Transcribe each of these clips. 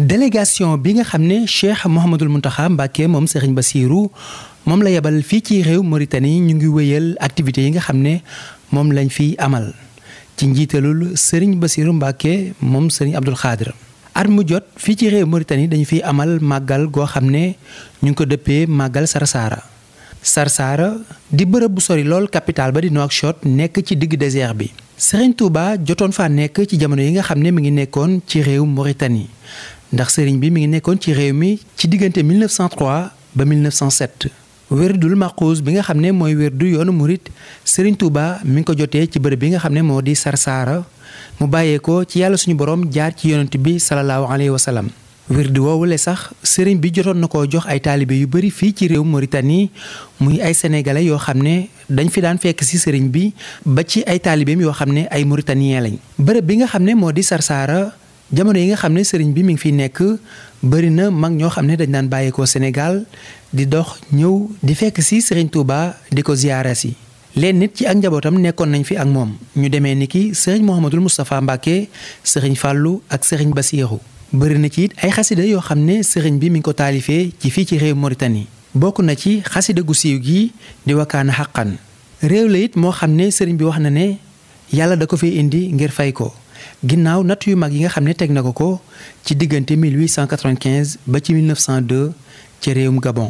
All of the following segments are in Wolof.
délégation bi nga xam ne Cheikh Mouhamadul Mountakha Mbacké moom Serigne Bassirou moom la yebal fii ci réew Mauritanie ñu ngi wéyal activités yi nga xam ne moom lañ fiy amal ci njiitalul Serigne Bassirou Mbacké moom Serigne Abdoul Khadr at mu jot fii ci réew Mauritanie dañu fiy amal màggal goo xam ne ñu ngi ko dëppee màggal Sarsara Sarsara di bërëb bu sori lool capital ba di Nouakchott nekk ci digg désert bi Serigne Touba jotoon faa nekk ci jamono yi nga xam ne mi ngi nekkoon ci réew Mauritanie ndax sëriñ bi mi ngi nekkoon ci réew mi ci diggante 1903 ba 1907. wérdul maqoos bi nga xam ne mooy wérdu yoonu murit sëriñ Touba mi ngi ko jotee ci bërëb bi nga xam ne moo di sarsaara mu bàyyeekoo ci yàlla suñu borom jaar ci yonent bi salallaahu alayhi wa salaam. wérdu woowu le sax sëriñ bi jotoon na koo jox ay taalibe yu bëri fii ci réew Mauritanie muy ay sénégalais yoo xam ne dañ fi daan fekk si sëriñ bi ba ci ay taalibeem yoo xam ne ay mauritanien lañ. bërëb bi nga xam ne moo di sarsaara jamono yi nga xam ne sëriñ bi mu ngi fiy nekk bëri na mag ñoo xam ne dañ daan bàyyeekoo Sénégal di dox ñëw di fekk si sëriñ Touba di ko ziyaara si leen nit ci ak njabootam nekkoon nañ fi ak moom ñu demee ni ki sëriñ Mouhamadul Moustapha Mbacke sëriñ fàllu ak sëriñ Basiiru bëri na ci it ay xasida yoo xam ne sëriñ bi mi ngi ko taalifee ci fii ci réew Mauritanie bokk na ci xasida gu siiw gi di wakkaana xàqan réew la it moo xam ne sëriñ bi wax na ne yàlla da ko fi indi ngir fay ko ginnaaw natt yu mag yi nga xam ne teg na ko ko ci diggante 1895 ba ci 1902 ci réewum Gabon.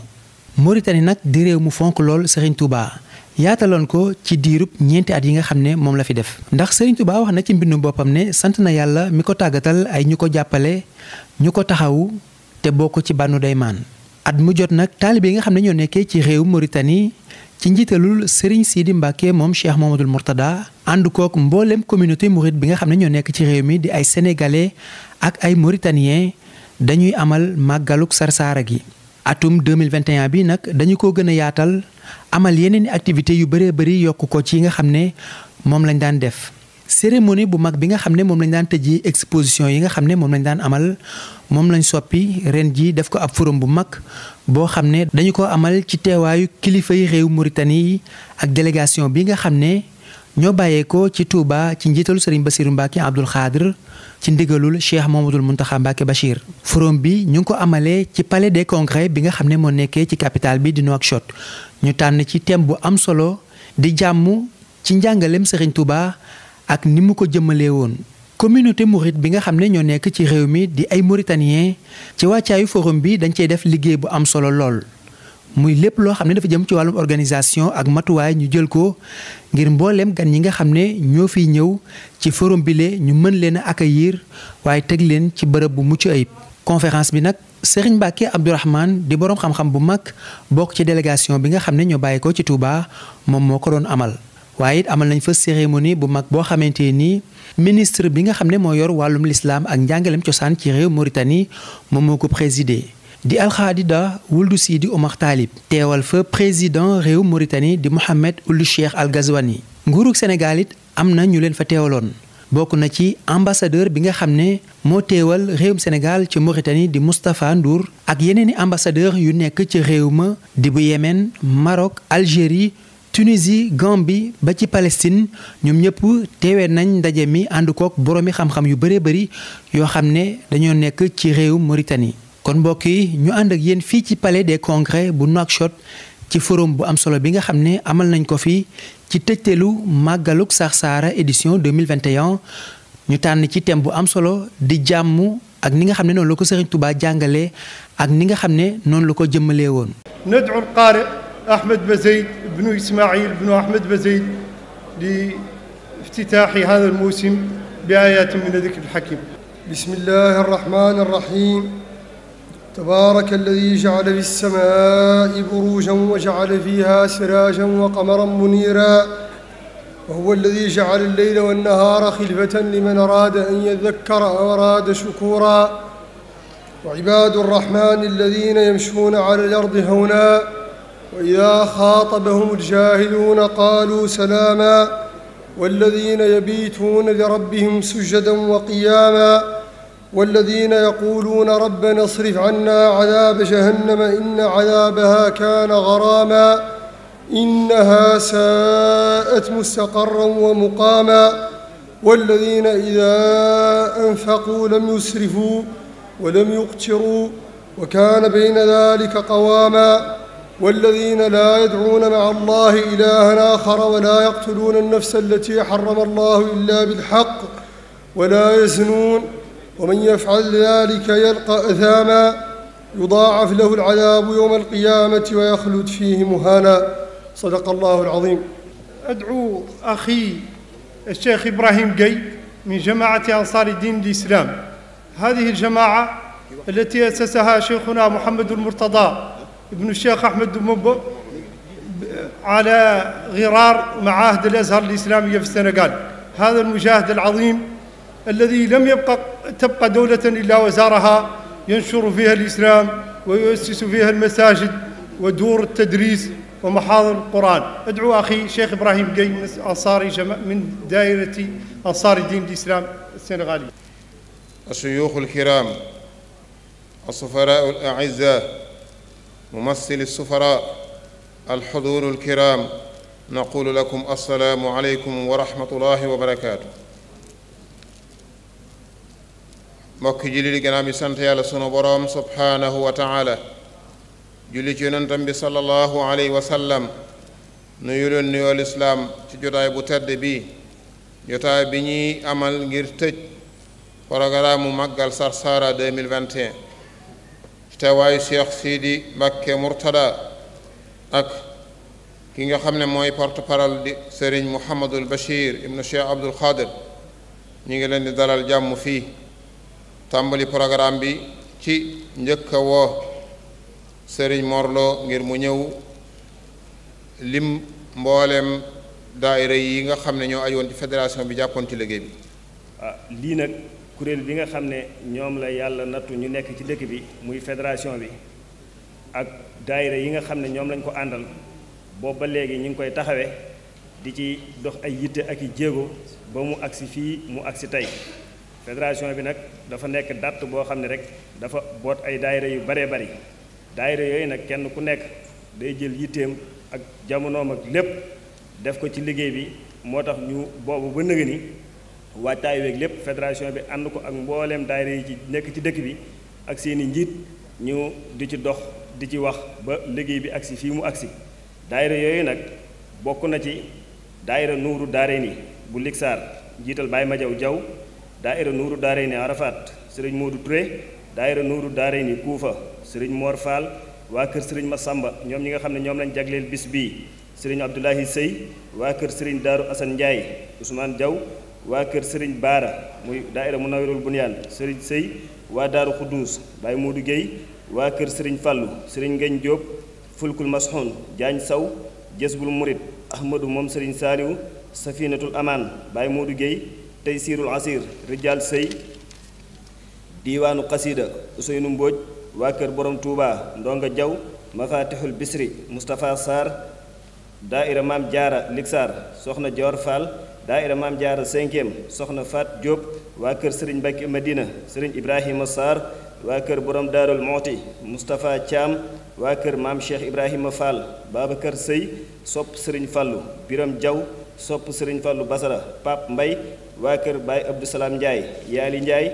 Mauritanie nag di réew mu fonk lool Serigne Touba yaataloon ko ci diirub ñeenti at yi nga xam ne moom la fi def. ndax Serigne Touba wax na ci mbindum boppam ne sant na yàlla mi ko tàggatal ay ñu ko jàppale ñu ko taxawu te bokk ci bànnu day maan at mu jot nag taalibe yi nga xam ne ñoo nekkee ci réew Mauritanie ci njiitalul Serigne di Mbacke moom Cheikh Mamadou Mourtada ànd kook mboolem communauté mouride bi nga xam ne ñoo nekk ci réew mi di ay sénégalais ak ay moritanien dañuy amal màggaluk sarsaara gi. atum 2021 bi nag dañu ko gën a yaatal amal yeneen i activités yu bëree bëri yokk ko ci yi nga xam ne moom lañ daan def. cérémonie bu mag bi nga xam ne moom lañ daan tëjee exposition yi nga xam ne moom lañ daan amal moom lañu soppi ren ji def ko ab forum bu mag boo xam ne dañu ko amal ci teewaayu kilifa yi réew Mauritanie ak délégation bi nga xam ne ñoo bàyyeekoo ci Touba ci njiitalu Serigne Bassirou Mbacke Abdoul Khadr ci ndigalul Cheikh Mamadou Mountakha Mbacke Bachir. forum bi ñu ngi ko amalee ci palais des congrès bi nga xam ne moo nekkee ci capitale bi di Nouakchott ñu tànn ci thème bu am solo di jàmm ci njàngaleem Serigne Touba. ak ni mu ko jëmalee woon communauté mouride bi nga xam ne ñoo nekk ci réew mi di ay mauritanien ci wàccaayu forom bi dañ cey def liggéey bu am solo lool muy lépp loo xam ne dafa jëm ci wàllum organisation ak matuwaay ñu jël ko ngir mbooleem gan ñi nga xam ne ñoo fiy ñëw ci forum bile ñu mën leen a accueillir waaye teg leen ci bërëb bu mucc ayib. conférence bi nag Serigne Mbacké Abdourahmane di boroom xam-xam bu mag bokk ci délégation bi nga xam ne ñoo bàyyi ko ci Touba moom moo ko doon amal. waaye amal nañ fa cérémonie bu mag boo xamante ni ministre bi nga xam ne moo yor wàllum lislaam ak njàngaleem cosaan ci réew Mauritanie moom moo ko présidé. di alxaadida wuldu siidi Omar Taalib teewal fa président réew Mauritanie di Mohamed Ould Cheikh Al Ghazouani nguurug Sénégal it am na ñu leen fa teewaloon. bokk na ci ambassadeur bi nga xam ne moo teewal réewum Sénégal ci Mauritanie di Moustapha Ndour ak yeneen i ambassadeur yu nekk ci réew ma di bu Yémen Maroc Tunisie Gambie ba ci Palestine ñoom ñëpp teewee nañ ndaje mi ànd kook boroomi xam-xam yu bëree bëri yoo xam ne dañoo nekk ci réew Mauritanie. kon mbokk yi ñu ànd ak yéen fii ci palais des congrès bu Nouakchott ci forum bu am solo bi nga xam ne amal nañ ko fii ci tëjteelu màggaluk Sarsara édition 2021 ñu tànn ci thème bu am solo di jàmm ak ni nga xam ne noonu la ko Serigne Touba jàngalee ak ni nga xam ne noonu la ko jëmmalee woon. بن إسماعيل بن أحمد بزيد لافتتاح هذا الموسم بآيات من ذكر الحكيم بسم الله الرحمن الرحيم تبارك الذي جعل في السماء بروجا وجعل فيها سراجا وقمرا منيرا وهو الذي جعل الليل والنهار خلفة لمن أراد أن يذكر أو أراد شكورا وعباد الرحمن الذين يمشون على الأرض هونا واذا خاطبهم الجاهلون قالوا سلاما والذين يبيتون لربهم سجدا وقياما والذين يقولون ربنا اصرف عنا عذاب جهنم ان عذابها كان غراما انها ساءت مستقرا ومقاما والذين اذا انفقوا لم يسرفوا ولم يقتروا وكان بين ذلك قواما والذين لا يدعون مع الله إلها آخر ولا يقتلون النفس التي حرم الله إلا بالحق ولا يزنون ومن يفعل ذلك يلقى أثاما يضاعف له العذاب يوم القيامة ويخلد فيه مهانا صدق الله العظيم أدعو أخي الشيخ إبراهيم قي من جماعة أنصار الدين الإسلام هذه الجماعة التي أسسها شيخنا محمد المرتضى ibnu Cheikh Ahmed Bamba على غرار معاهد الأزهر الإسلامية في السنغال هذا المجاهد العظيم الذي لم يبقى تبقى دولة إلا وزارها ينشر فيها الإسلام ويؤسس فيها المساجد ودور التدريس ومحاضر القرآن أدعو أخي شيخ إبراهيم قي من أنصاري من دائرة أنصار دين الإسلام السنغالي الشيوخ الكرام السفراء الأعزاء ممثل السفراء الحضور الكرام نقول لكم السلام عليكم ورحمة الله وبركاته mbokk julli di gannaaw bi sant yàlla sunu borom subhaanahu wa taala julli ci yonentam bi sallallahu alayhi wa sallam nuyu leen nuyoo lislaam ci jotaay bu tedd bi jotaay bi ñuy amal ngir tëj programme mu màggal Sarsara 2021 te teewaayu Cheikh Sidi Mbacke Mourtada ak ki nga xam ne mooy porte paral di sëriñ Mouhamadul Bachir ibnu Cheikh Abdoul Khadir ñu ngi leen di daral jàmm fii tàmbali programme bi ci njëkk a woo Serigne Morlo ngir mu ñëw lim mbooleem daayira yi nga xam ne ñoo ajoon ci fédération bi jàppoon ci liggéey bi. Ah, kuréel bi nga xam ne ñoom la yàlla nattu ñu nekk ci dëkk bi muy fédération bi ak daayira yi nga xam ne ñoom lañ ko àndal boobu ba léegi ñu ngi koy taxawee di ci dox ay yitte ak i jéego ba mu agsi fii mu agsi tey fédération bi nag dafa nekk dàtt boo xam ne rek dafa boot ay daayira yu baree bari daayre yooyu nag kenn ku nekk day jël yitteem ak jamonoom ak lépp def ko ci liggéey bi moo tax ñu boobu ba nëgë waajtaay weeg lépp fédération bi ànd ko ak mbooleem daayira yi ci nekk ci dëkk bi ak seeni njiit ñu di ci dox di ci wax ba liggéey bi agsi fii mu agsi daayira yooyu nag bokk na ci daayira nuuru ni bu ligsaar njiital Baye Majaw Jaw daayira nuuru daareeni Arafat sëriñ Moodu Touré daayira nuuru daareeni Kuufa sëriñ Mor Fall waa kër sëriñ Masamba ñoom ñi nga xam ne ñoom lañ jagleel bis bii sëriñ Abdoulahi Sëy waa kër sëriñ Daaru Asan Njaay Ousmane Jaw waa kër sëriñ baara muy daaira mu nawirul bunyaan sëriñ sëy waa daaru xudduus baay moodu géey waa kër sëriñ fàllu sëriñ ngañ jóob fulkul masxoon jaañ saw jësbul murit ahmadu moom sëriñ saaliwu safinatul amaan baay moodu géey tey siirul asir rijaal sëy diiwaanu xasida useynu mbóoj waa kër borom tuubaa ndonga jaw mafatixul bisri mustapha sarr daaira maam jaara ligsaar soxna joor fall daayira maam jaara cinquième soxna Faat Diop waa kër Serigne Mbacke Madina Serigne Ibrahima Sarr waa kër borom daarul mooti Moustapha Thiam waa kër maam Cheikh Ibrahima Fall Babacar Sëy sopp sëriñ Fallou Biram Diaw sopp sëriñ Fallou Basara Pape Mbay waa kër Baye Abdou Salaam Ndiaye Yaali Ndiaye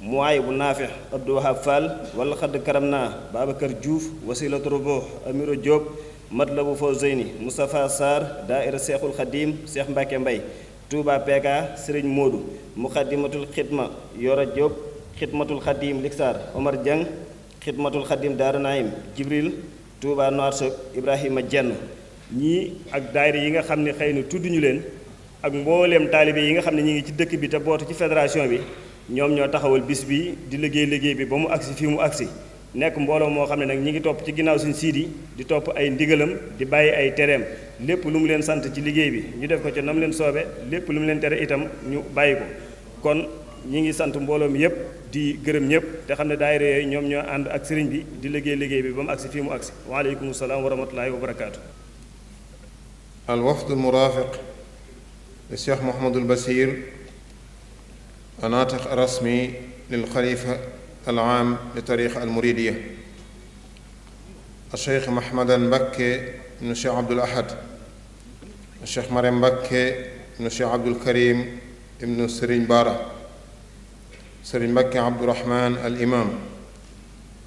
muwaay bu naafe Abdou Wahab Fall wala xadd karam naa Babacar Diouf Wasila Trobo Amiro Diop mat la Matlabu Fawzeyni Moustapha Sarr daaira Seexul Xadiim Seex Mbàkke Mbay Touba PK Sëriñ Móodu Muxaddamatul Xidma Yoro Diop Xidmatul Xadiim Lixaar Omar Dieng Xidmatul Xadiim Daara Naim Jibril Touba Noir Sok Ibrahima Jenn ñii ak daayira yi nga xam ne xëy na tudd ñu leen ak mbooleem taalibe yi nga xam ne ñu ngi ci dëkk bi te bootu ci fédération bi ñoom ñoo taxawal bis bi di liggéey liggéey bi ba mu agsi fii mu agsi nekk mbooloo moo xam ne nag ñi ngi topp ci ginnaaw suñ siidi di topp ay ndigalam di bàyyi ay tereem lépp lu mu leen sant ci liggéey bi ñu def ko ci nam leen soobe lépp lu mu leen tere itam ñu bàyyi ko kon ñi ngi sant mbooloo mi yépp di gërëm ñëpp te xam ne daayira yooyu ñoom ñoo ànd ak sëriñ bi di liggéey liggéey bi ba mu agsi fii mu agsi waaleykum salaam wa wa barakaatu al wafdu muraafiq li cheikh mohamadul basir anatax rasmi al-aam li tariqa al-muridiya al-cheikh Mahmadan Mbakke nu cheikh Abdul Ahad cheikh Mariam Mbakke nu cheikh Abdul Karim ibnu Serigne Bara Serigne Mbakke Abdourahman al imam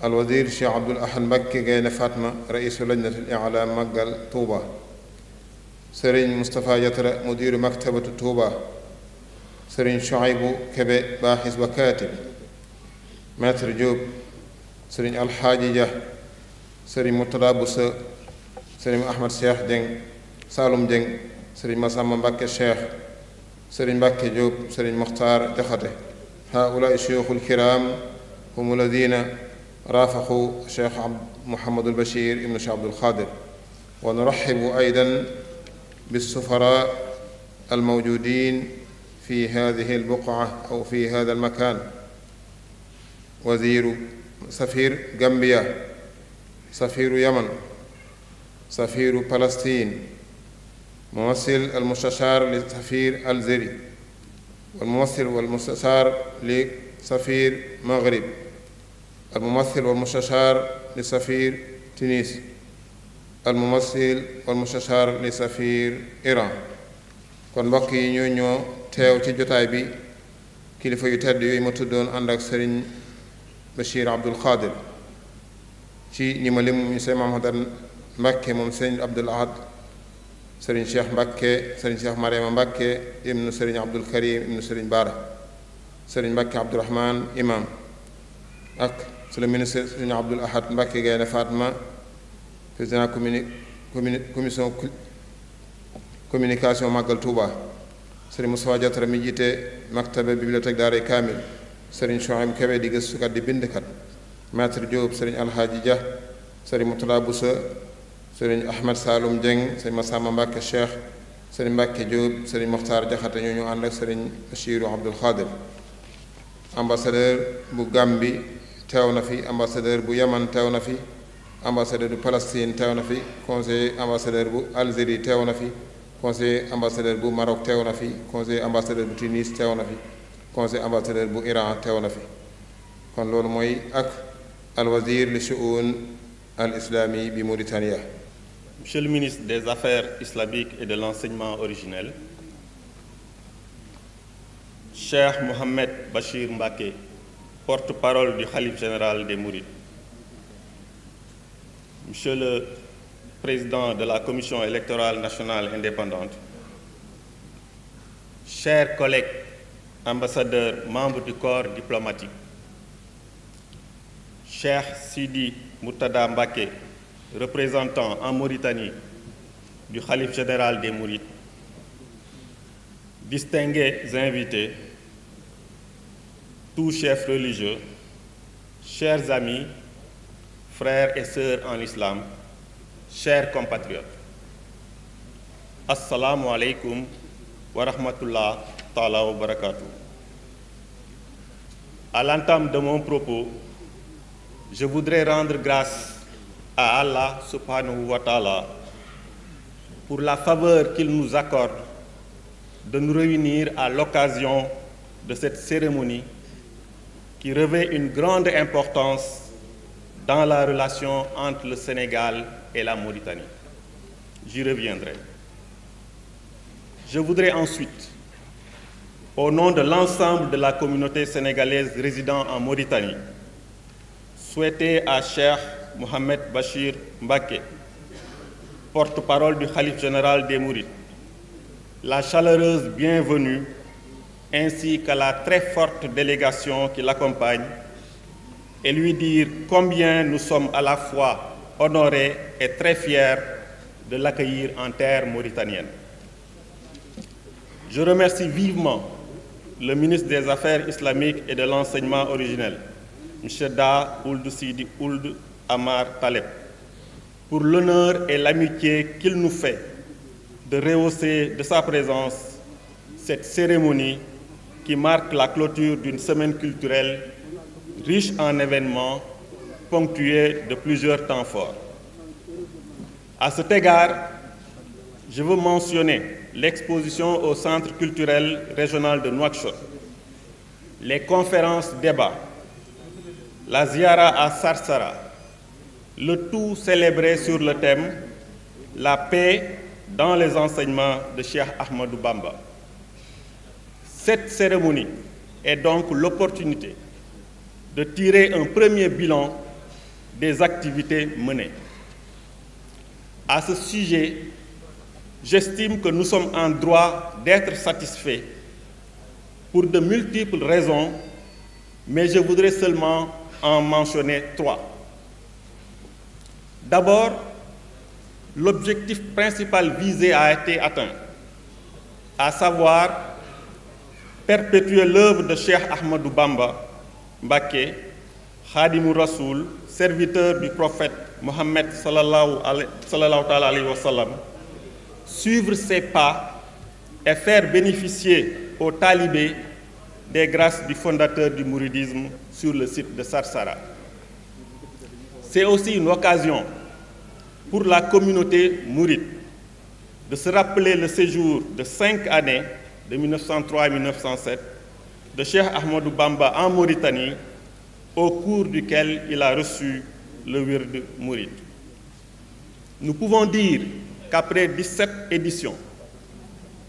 al wazir cheikh Abdul Ahad Mbakke Gaynde Fatma raisu lajnati al-i'laam Màggal Tuuba Serigne Moustapha Jatra mudiru maktabatu Tuuba Serigne Chouaibou Kebe baaxis wa kaatib maître Diop sëriñ Alxaaji Ja sëriñ Murtada Busa sëriñ Ahmad Cheikh Dieng Saalum Dieng sëriñ Masamba Mbàkke Cheikh sëriñ Mbàkke Diop sëriñ Muxtaar Jaxate haulaai shuyuuxul kiraam hum alladina raafaqu Cheikh Muhammadul Bachir ibnu Cheikh Abdul Xaadir wa nuraxibu aydan بالسفراء الموجودين في هذه البقعة أو في هذا المكان waziiru safiir Gambia safiiru Yaman safiiru Palestine mumassil almustashar li safiir Algérie almumassil walmustashar li safiir Maghrib almumassil walmustashar li safiir Tunis almumassil walmustashar li safiir Iran kon mbokk yi ñoo ñoo teew ci jotaay bi kilifa yu tedd yooyu ma tuddoon ànd ak sëriñ Bachir Abdul Xaadir ci ñi ma mu sëñ Mahamadan Mbàkke moom sëñ Abdul Ahad sëriñ Cheikh Mbàkke sëriñ Cheikh Mariama Mbàkke ibnu sëriñ Abdul Karim ibnu sëriñ Baara sëriñ Mbàkke Abdurahmaan imam ak su le ministre sëriñ Abdul Ahad Mbàkke Gaynde Fatma président communication màggal Touba sëriñ Moussa Diatara mi jiite maktaba bibliothèque Kaamil sëriñ Chouaib Kébé di gëstukat di bindkat maître Diop sëriñ Alxaaji Dia sëriñ Moutala Boussa sëriñ Ahmed Saloum Dieng sëriñ Massamba Mbacke Cheikh sëriñ Mbacke Diop sëriñ Mokhtar Diakhaté ñoo ñu ànd ak sëriñ Bachirou Abdoul Khadir ambassadeur bu Gambie teew na fi ambassadeur bu yeman teew na fi ambassadeur bu Palestine teew na fi conseiller ambassadeur bu Algérie teew na fi conseiller ambassadeur bu Maroc teew na fi conseiller ambassadeur bu Tunis teew na fi conseil ambassadeur bu Iran teew na fi kon loolu mooy ak al wazir li al islami bi Mauritania. Monsieur le ministre des Affaires islamiques et de l'enseignement originel, Cheikh Mohamed Bachir Mbaké, porte-parole du Khalif général des Mourides, Monsieur le président de la Commission électorale nationale indépendante, cher collègues ambassadeur membre du corps diplomatique Cheikh Sidi Moutada Mbaké représentant en Mauritanie du Khalife général des Mourides distingués invités tous chefs religieux chers amis frères et sœurs en l'islam chers compatriotes assalaamu aleykum wa rahmatullah ta'ala wa barakatuh. À l'entame de mon propos, je voudrais rendre grâce à Allah subhanahu wa pour la faveur qu'il nous accorde de nous réunir à l'occasion de cette cérémonie qui revêt une grande importance dans la relation entre le Sénégal et la Mauritanie. J'y reviendrai. Je voudrais ensuite au nom de l'ensemble de la communauté sénégalaise résidant en Mauritanie, souhaiter à Cheikh Mohamed Bachir Mbake, porte-parole du Khalif général des Mourides, la chaleureuse bienvenue ainsi qu'à la très forte délégation qui l'accompagne et lui dire combien nous sommes à la fois honorés et très fiers de l'accueillir en terre mauritanienne. Je remercie vivement le ministre des Affaires islamiques et de l'enseignement originel, M. Da Ould Sidi Ould Amar Taleb, pour l'honneur et l'amitié qu'il nous fait de rehausser de sa présence cette cérémonie qui marque la clôture d'une semaine culturelle riche en événements ponctuée de plusieurs temps forts. À cet égard, je veux mentionner l'exposition au Centre culturel régional de Nouakchott, les conférences débats, la ziara à Sarsara, le tout célébré sur le thème La paix dans les enseignements de Cheikh Ahmadou Bamba. Cette cérémonie est donc l'opportunité de tirer un premier bilan des activités menées. À ce sujet, j'estime que nous sommes en droit d'être satisfaits pour de multiples raisons, mais je voudrais seulement en mentionner trois. D'abord, l'objectif principal visé a été atteint, à savoir perpétuer l'œuvre de Cheikh Ahmadou Bamba Mbaké, Khadimou Rasoul, serviteur du prophète Mohammed sallallahu alayhi wa sallam, suivre ses pas et faire bénéficier aux talibés des grâces du fondateur du mouridisme sur le site de Sarsara. C'est aussi une occasion pour la communauté mouride de se rappeler le séjour de cinq années, de 1903 à 1907, de Cheikh Ahmadou Bamba en Mauritanie, au cours duquel il a reçu le wird mouride. Nous pouvons dire qu'après 17 éditions,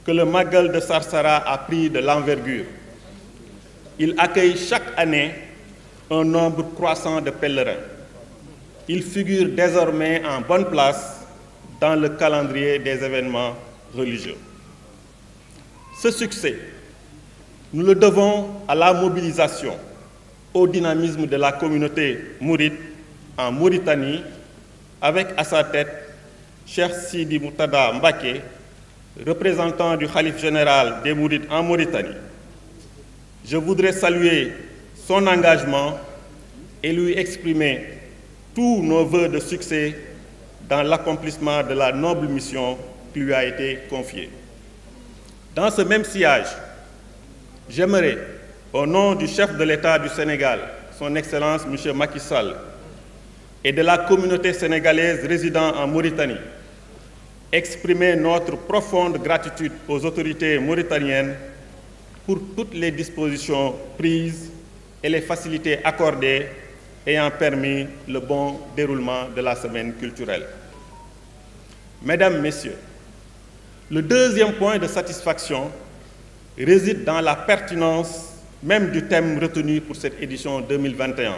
que le Magal de Sarsara a pris de l'envergure. Il accueille chaque année un nombre croissant de pèlerins. Il figure désormais en bonne place dans le calendrier des événements religieux. Ce succès, nous le devons à la mobilisation, au dynamisme de la communauté mouride en Mauritanie, avec à sa tête Cheikh Sidi Moutada Mbaké, représentant du Khalif général des Mourides en Mauritanie, je voudrais saluer son engagement et lui exprimer tous nos voeux de succès dans l'accomplissement de la noble mission qui lui a été confiée. Dans ce même sillage, j'aimerais, au nom du chef de l'État du Sénégal, son Excellence M. Macky Sall, et de la communauté sénégalaise résidant en Mauritanie, exprimer notre profonde gratitude aux autorités mauritaniennes pour toutes les dispositions prises et les facilités accordées ayant permis le bon déroulement de la semaine culturelle. Mesdames, Messieurs, le deuxième point de satisfaction réside dans la pertinence même du thème retenu pour cette édition 2021,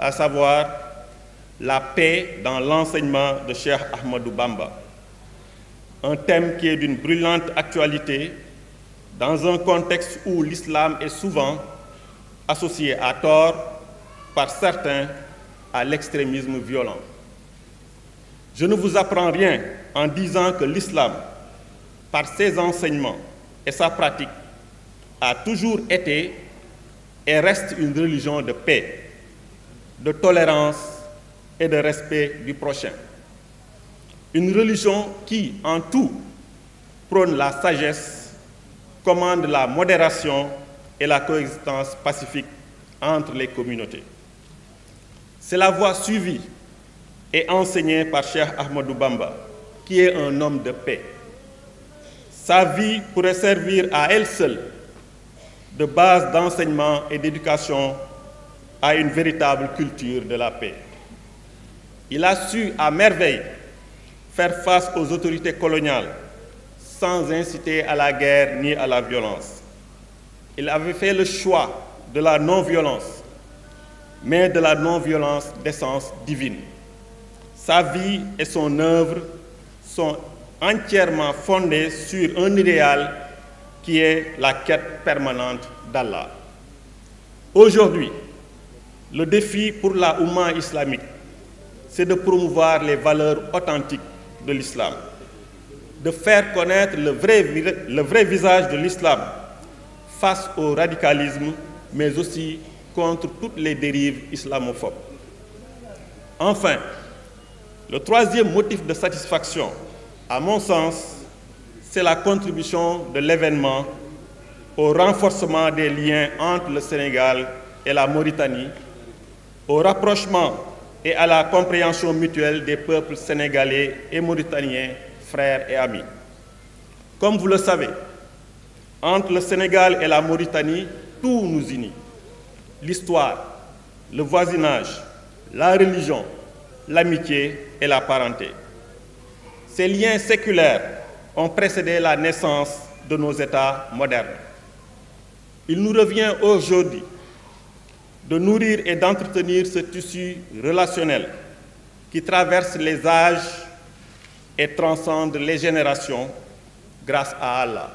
à savoir la paix dans l'enseignement de Cheikh Ahmadou Bamba. un thème qui est d'une brûlante actualité dans un contexte où l'islam est souvent associé à tort par certains à l'extrémisme violent. Je ne vous apprends rien en disant que l'islam, par ses enseignements et sa pratique, a toujours été et reste une religion de paix, de tolérance et de respect du prochain. Une religion qui, en tout, prône la sagesse, commande la modération et la coexistence pacifique entre les communautés. C'est la voie suivie et enseignée par Cheikh Ahmadou Bamba, qui est un homme de paix. Sa vie pourrait servir à elle seule de base d'enseignement et d'éducation à une véritable culture de la paix. Il a su à merveille faire face aux autorités coloniales sans inciter à la guerre ni à la violence. Il avait fait le choix de la non-violence, mais de la non-violence d'essence divine. Sa vie et son œuvre sont entièrement fondées sur un idéal qui est la quête permanente d'Allah. Aujourd'hui, le défi pour la Oumma islamique, c'est de promouvoir les valeurs authentiques de l'islam, de faire connaître le vrai, le vrai visage de l'islam face au radicalisme, mais aussi contre toutes les dérives islamophobes. Enfin, le troisième motif de satisfaction, à mon sens, c'est la contribution de l'événement au renforcement des liens entre le Sénégal et la Mauritanie, au rapprochement et à la compréhension mutuelle des peuples sénégalais et mauritaniens, frères et amis. Comme vous le savez, entre le Sénégal et la Mauritanie, tout nous unit. L'histoire, le voisinage, la religion, l'amitié et la parenté. Ces liens séculaires ont précédé la naissance de nos États modernes. Il nous revient aujourd'hui de nourrir et d'entretenir ce tissu relationnel qui traverse les âges et transcende les générations grâce à Allah.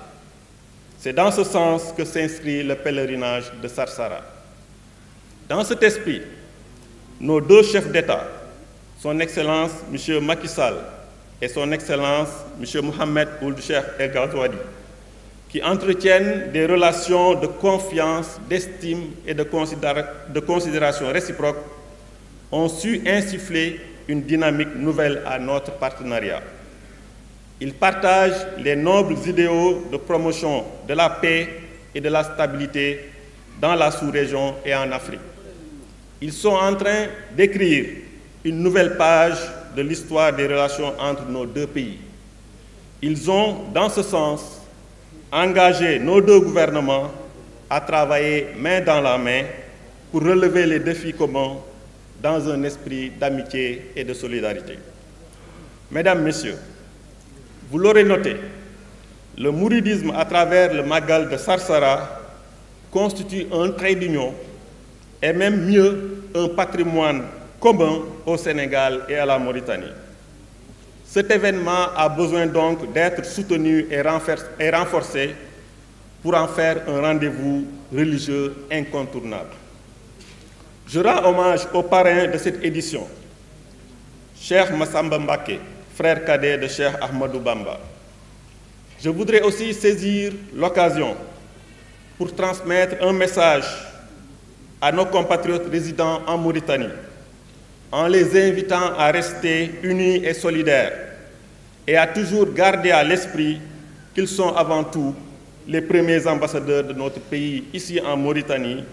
C'est dans ce sens que s'inscrit le pèlerinage de Sarsara. Dans cet esprit, nos deux chefs d'État, son Excellence M. Macky Sall et son Excellence M. Mohamed Ould Cheikh El Ghazouadi, qui entretiennent des relations de confiance, d'estime et de, de considération réciproque, ont su insuffler une dynamique nouvelle à notre partenariat. Ils partagent les nobles idéaux de promotion de la paix et de la stabilité dans la sous-région et en Afrique. Ils sont en train d'écrire une nouvelle page de l'histoire des relations entre nos deux pays. Ils ont, dans ce sens, engager nos deux gouvernements à travailler main dans la main pour relever les défis communs dans un esprit d'amitié et de solidarité. Mesdames, Messieurs, vous l'aurez noté, le mouridisme à travers le Magal de Sarsara constitue un trait d'union et même mieux un patrimoine commun au Sénégal et à la Mauritanie. Cet événement a besoin donc d'être soutenu et renforcé pour en faire un rendez-vous religieux incontournable. Je rends hommage au parrain de cette édition, Cheikh Massamba Mbake, frère cadet de Cheikh Ahmadou Bamba. Je voudrais aussi saisir l'occasion pour transmettre un message à nos compatriotes résidents en Mauritanie en les invitant à rester unis et solidaires et à toujours garder à l'esprit qu'ils sont avant tout les premiers ambassadeurs de notre pays ici en Mauritanie,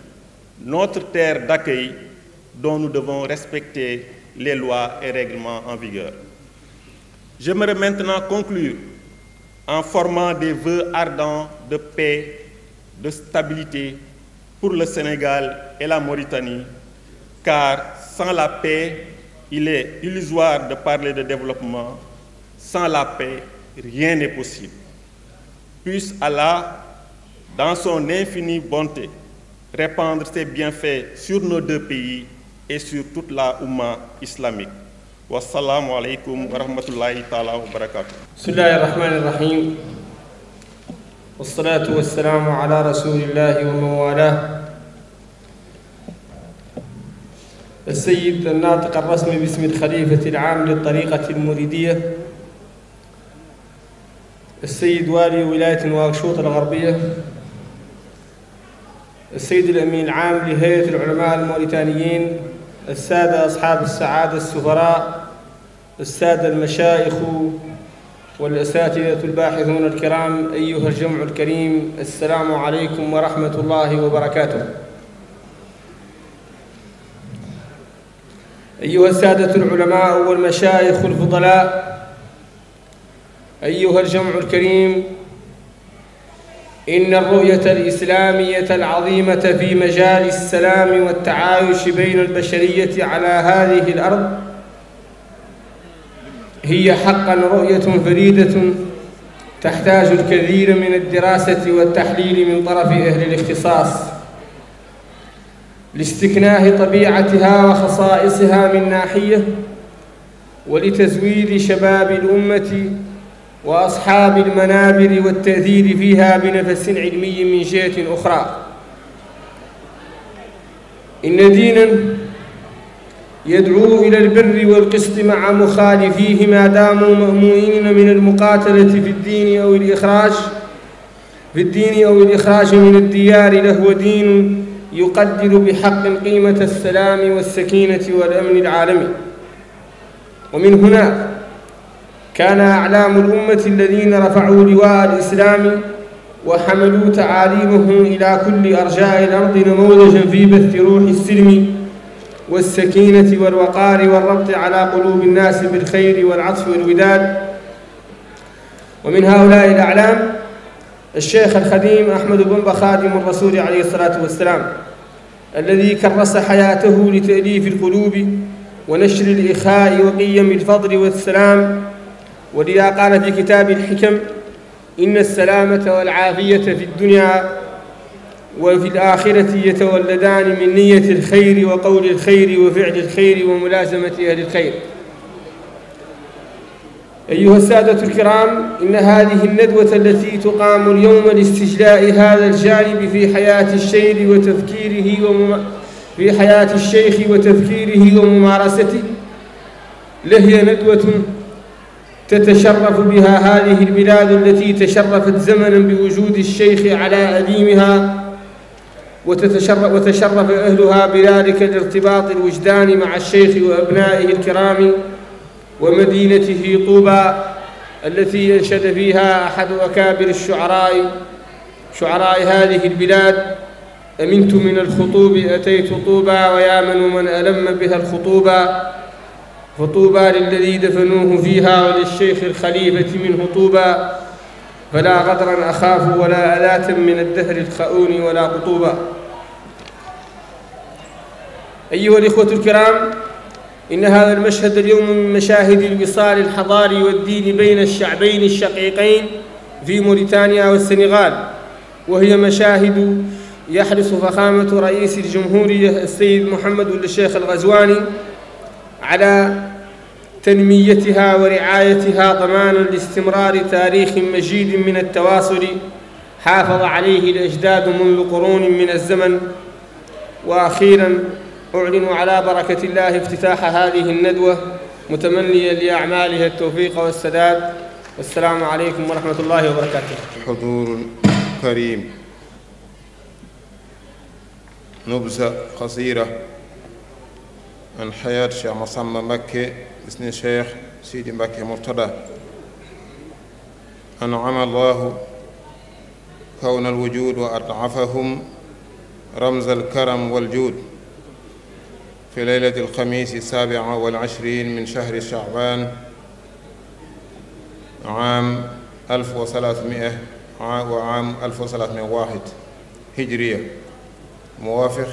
notre terre d'accueil dont nous devons respecter les lois et règlements en vigueur. J'aimerais maintenant conclure en formant des vœux ardents de paix, de stabilité pour le Sénégal et la Mauritanie, car sans la paix, il est illusoire de parler de développement. Sans la paix, rien n'est possible. Puisse Allah, dans son infinie bonté, répandre ses bienfaits sur nos deux pays et sur toute la Oumma islamique. Wassalamu alaikum wa rahmatullahi ta'ala wa barakatuh. Bismillahirrahmanirrahim. Wassalatu wassalamu ala rasulillahi السيد الناطق الرسمي باسم الخليفة العام للطريقة المريدية السيد والي ولاية نواكشوط الغربية السيد الأمين العام لهيئة العلماء الموريتانيين السادة أصحاب السعادة السفراء السادة المشايخ والأساتذة الباحثون الكرام أيها الجمع الكريم السلام عليكم ورحمة الله وبركاته أيها السادة العلماء والمشايخ الفضلاء أيها الجمع الكريم إن الرؤية الإسلامية العظيمة في مجال السلام والتعايش بين البشرية على هذه الأرض هي حقا رؤية فريدة تحتاج الكثير من الدراسة والتحليل من طرف أهل الاختصاص لاستكناه طبيعتها وخصائصها من ناحية ولتزويد شباب الأمة وأصحاب المنابر والتأثير فيها بنفس علمي من جهة أخرى إن دينا يدعو إلى البر والقسط مع مخالفيه ما داموا مأمونين من المقاتلة في الدين أو الإخراج في الدين أو الإخراج من الديار لهو دين يقدر بحق قيمة السلام والسكينة والأمن العالمي ومن هنا كان أعلام الأمة الذين رفعوا لواء الإسلام وحملوا تعاليمهم إلى كل أرجاء الأرض نموذجا في بث روح السلم والسكينة والوقار والربط على قلوب الناس بالخير والعطف والوداد ومن هؤلاء الأعلام الشيخ الخديم أحمد بن بخادم الرسول عليه الصلاة والسلام الذي كرس حياته لتأليف القلوب ونشر الإخاء وقيم الفضل والسلام ولذا قال في كتاب الحكم إن السلامة والعافية في الدنيا وفي الآخرة يتولدان من نية الخير وقول الخير وفعل الخير وملازمة أهل الخير أيها السادة الكرام إن هذه الندوة التي تقام اليوم لاستجلاء هذا الجانب في حياة الشيخ وتذكيره ومم... في حياة الشيخ وتذكيره وممارسته لهي ندوة تتشرف بها هذه البلاد التي تشرفت زمنا بوجود الشيخ على أديمها وتتشرف وتشرف أهلها بذلك الارتباط الوجداني مع الشيخ وأبنائه الكرام ومدينته طوبى التي أنشد فيها أحد أكابر الشعراء شعراء هذه البلاد أمنت من الخطوب أتيت طوبى ويا من من ألم بها الخطوبا فطوبى للذي دفنوه فيها وللشيخ الخليفة منه طوبى فلا غدرا أخاف ولا ألاة من الدهر الخؤون ولا قطوبا أيها الإخوة الكرام إن هذا المشهد اليوم من مشاهد الوصال الحضاري والديني بين الشعبين الشقيقين في موريتانيا والسنغال وهي مشاهد يحرص فخامة رئيس الجمهورية السيد محمد الشيخ الغزواني على تنميتها ورعايتها ضمانا لاستمرار تاريخ مجيد من التواصل حافظ عليه الأجداد منذ قرون من الزمن وأخيرا أعلن على بركة الله افتتاح هذه الندوة متمنيا لأعمالها التوفيق والسداد والسلام عليكم ورحمة الله وبركاته حضور كريم نبذة قصيرة عن حياة شيخ مصمم مكي اسم الشيخ سيدي مكي مرتضى أنعم الله كون الوجود وأضعفهم رمز الكرم والجود في ليلة الخميس السابع والعشرين من شهر شعبان عام 1300 وعام 1301 هجرية موافق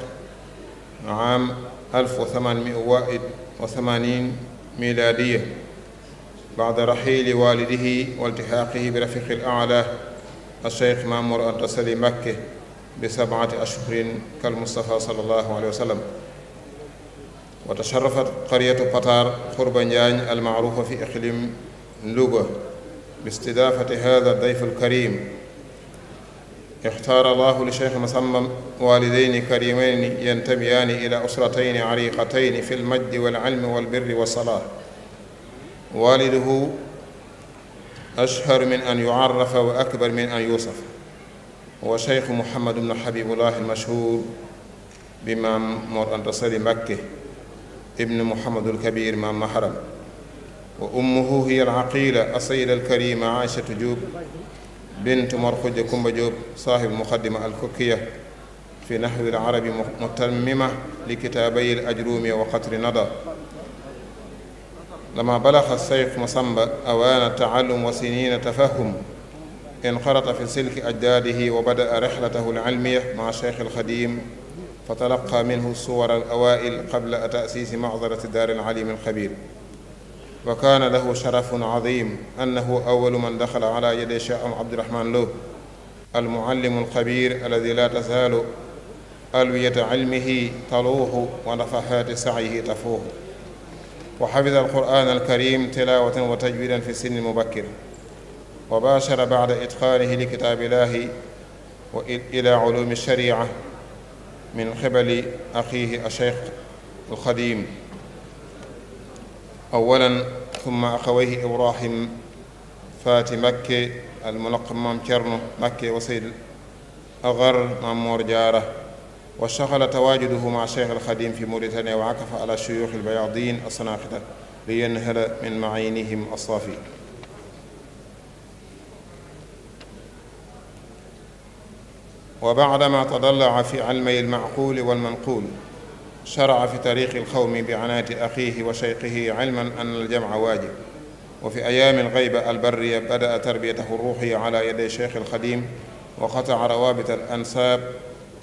عام 1880 ميلادية بعد رحيل والده والتحاقه برفيق الأعلى الشيخ مامور الدسلي مكة بسبعة أشهر كالمصطفى صلى الله عليه وسلم wa tasharrafat qaryatu Patar qurba Njaañ almaarufa fi iqlim Louga bistidaafati haada dayf alkarim ixtaara Allahu li Cheikh Massamba waalidayni karimayni yantamiyaani ila usratayni ariqatayni fi lmajdi walcilmi walbirri wassalaah waaliduhu ashhar min an yucarrafa wa akbar min an yuusaf wa Cheikh Mouhamad bnu Habibullah almashhuur bi Maam Mor Anta Sali Mbakke ibn muhammadul kabir maam maharam wa ummuhu hiya alaqila asayida alkarima aishatu diop bint marxuja kumba diop saahibu muqaddima alkokkiya fi nahwi alarabi mutammima li kitaabay alajrumiya wa qatri nada لما بلغ السيف مصمب أوان التعلم وسنين تفهم انخرط في سلك أجداده وبدأ رحلته العلمية مع الشيخ الخديم fa talaqa minhu suwar al awail qabla taasisi maxdarati daari alalim alxabir wa kaana lahu sharafun adim annahu awalu man daxala ala yadi cheikh abdirahman lo almuallimu alxabir alladi la tasaalu alwiyata cilmihi taluuxu wa nafahaati sacyihi tafuuxu wa xafida alquran alkarim tilaawatan wa tajwidan fi sinni mubakkir wa baashara bacda itqaanihi likitaabillahi wa ila culumi alsharica min qibali axiihi acheikh alxadim awalan summa axawayhi ibrahim faati mbakke almunaqam maam cerno mbakke wa seyd agar maam moor jaara wa shaxala tawaajuduhu maa cheikh alxadim fi mauritania wa akafa ala shuyuux albayadin asanaaqita li yanhala min maayinihim alsaafi wa bacda ma tadallaa fi almay almacquuli walmanquul sharaca fi tariqi alqawmi bi canaati axiihi wa sheyqihi cilman an aljamca waajib wa fi ayaami algayba albarriya bada'a tarbiyatahu ruuxiya calaa yaday sheykh alxadim wa qataca rawaabita alansaab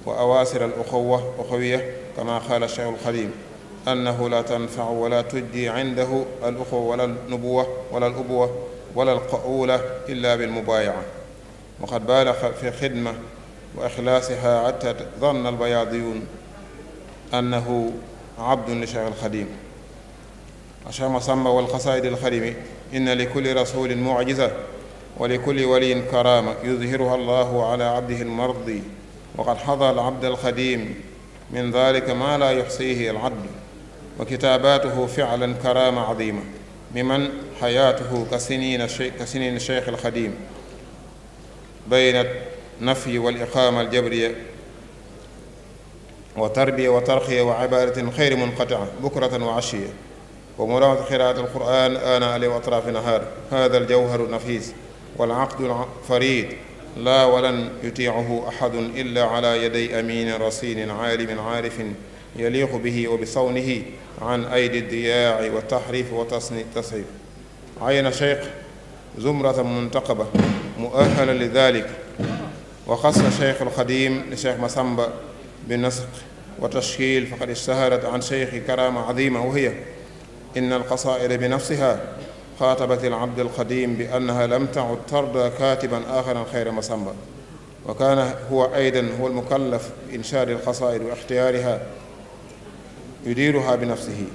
wa awaasira aluxuwa uxuwiya kama qaala sheykh alxadim annahu laa tanfacu wala tujdi cindahu aluxuwa wala alnubuwa wala alubuwa wala alqa'uula illa bilmubaayaca wa qad baalaga fi xidma وإخلاصها حتى ظن البياضيون أنه عبد لشيخ الخديم عشان سمى والقصائد الخديم إن لكل رسول معجزة ولكل ولي كرامة يظهرها الله على عبده المرضي وقد حظى العبد الخديم من ذلك ما لا يحصيه العبد وكتاباته فعلا كرامة عظيمة ممن حياته كسنين, كسنين الشيخ الخديم بينت nafyi wal iqaama al jabriya wa tarbiya wa tarxiya wa ibaadatin xayri munqatia bukratan wa ashiya wa muraawat qiraat al quraan ana ale wa atraafi nahaar hada al jawharu nafiis wal aqdu al fariid laa walan yutiicuhu axadun illa ala yaday amiinin rasiinin caalimin caarifin yaliiqu bihi wa bisawnihi an aydi diyaaci wa taxriif wa tasni tasxiif cayna sheykh zumratan muntaqaba muahala li dalik wa xasa cheikh alxadim li cheikh masamba bi nasq wa tashkil faqad ishtaharat an cheikhi karama azima wa hiya inna alqasaida bi nafsiha xaatabat alabd alqadim bi annaha lam taud tarda katiban axaran xeyra masamba wa kaana huwa aydan huwa almukallaf bi inshaadi alqasaid wa ixtiyaariha yudiiruha bi nafsihi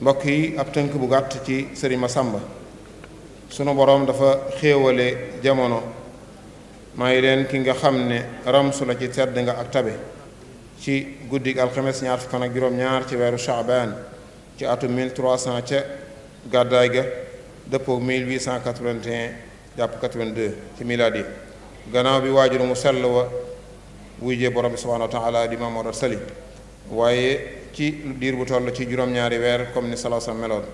mbokk yi ab tënk bu gàtt ci sëriñ Masamba sunu boroom dafa xéewale jamono may leen ki nga xam ne ramsu la ci tedd nga ak tabe ci guddi alxames ñaar fukk ak juróom-ñaar ci weeru Chaabaan ci atum 1300 ca gàddaay ga dëppoo 1881 jàpp 82 ci milaadi gannaaw bi waajur mu sell wa wujjee borom bi subhaanahu wa taala di Maam Mor Anta Sali waaye ci diir bu toll ci juróom-ñaari weer comme ni salasa meloon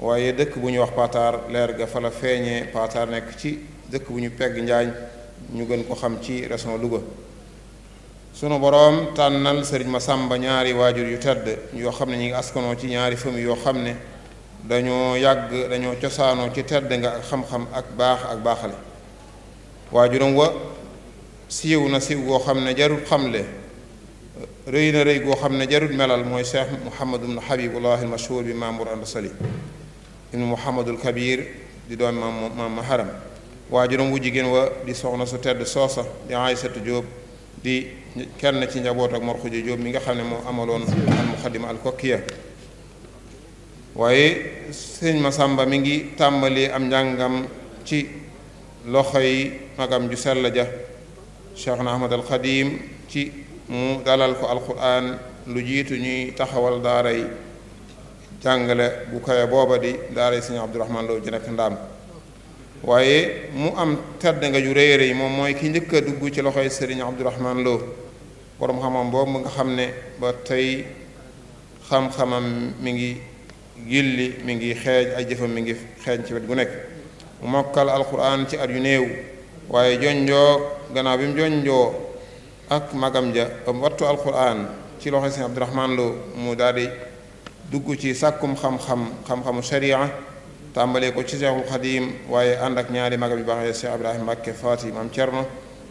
waaye dëkk bu ñu wax Pataar leer ga fa la feeñee Pataar nekk ci dëkk bu ñu pegg Njaañ ñu gën ko xam ci région Louga sunu boroom tànnal sëriñ Masamba ñaari waajur yu tedd yoo xam ne ñu ngi askanoo ci ñaari famille yoo xam ne dañoo yàgg dañoo cosaanoo ci tedd nga ak xam-xam ak baax ak baaxale waajuram wa siiw na siiw goo xam ne jarul xamle rëy na rëy goo xam ne jarul melal mooy cheikh Mouhamad ibn Habibullah al-mashhur bi Mamour Anta Sali ibn Mouhamadul Kabir di doon maam maam Maharam waajuram wu jigéen wa di soxna su tedd soosa di Aysatu Jóob di kenn ci njaboot ak Mor Xuja Jóob mi nga xam ne moo amaloon al muxaddima al kokkiya waaye sëñ sàmba mi ngi tàmbali am njàngam ci loxo yi magam ju sell ja Cheikh na Ahmad al ci mu dalal ko alquran lu jiitu ñuy taxawal daaray jàngale bu kawe booba di daaray sëñ Abdourahman Lo ji nekk ndaam waaye mu am tedd nga ju rëy rëy moom mooy ki njëkk a dugg ci loxoy Serigne Abdourahman Lo borom xam boobu nga xam ne ba tey xam-xamam mi ngi gilli mi ngi xeej ay jëfam mi ngi xeeñ ci wet gu nekk mu mokkal alquran ci at yu néew waaye jonjoo gannaaw bi mu jonjoo ak magam ja ba wattu alquran ci loxoy Serigne Abdourahman Lo mu daal di dugg ci sàkkum xam-xam xam-xamu sharia tàmbalee ko ci Seexul Xadiim waaye ànd ak ñaari magam yu baax Seex Ibrahima Mbàkke Faati Maam Cerno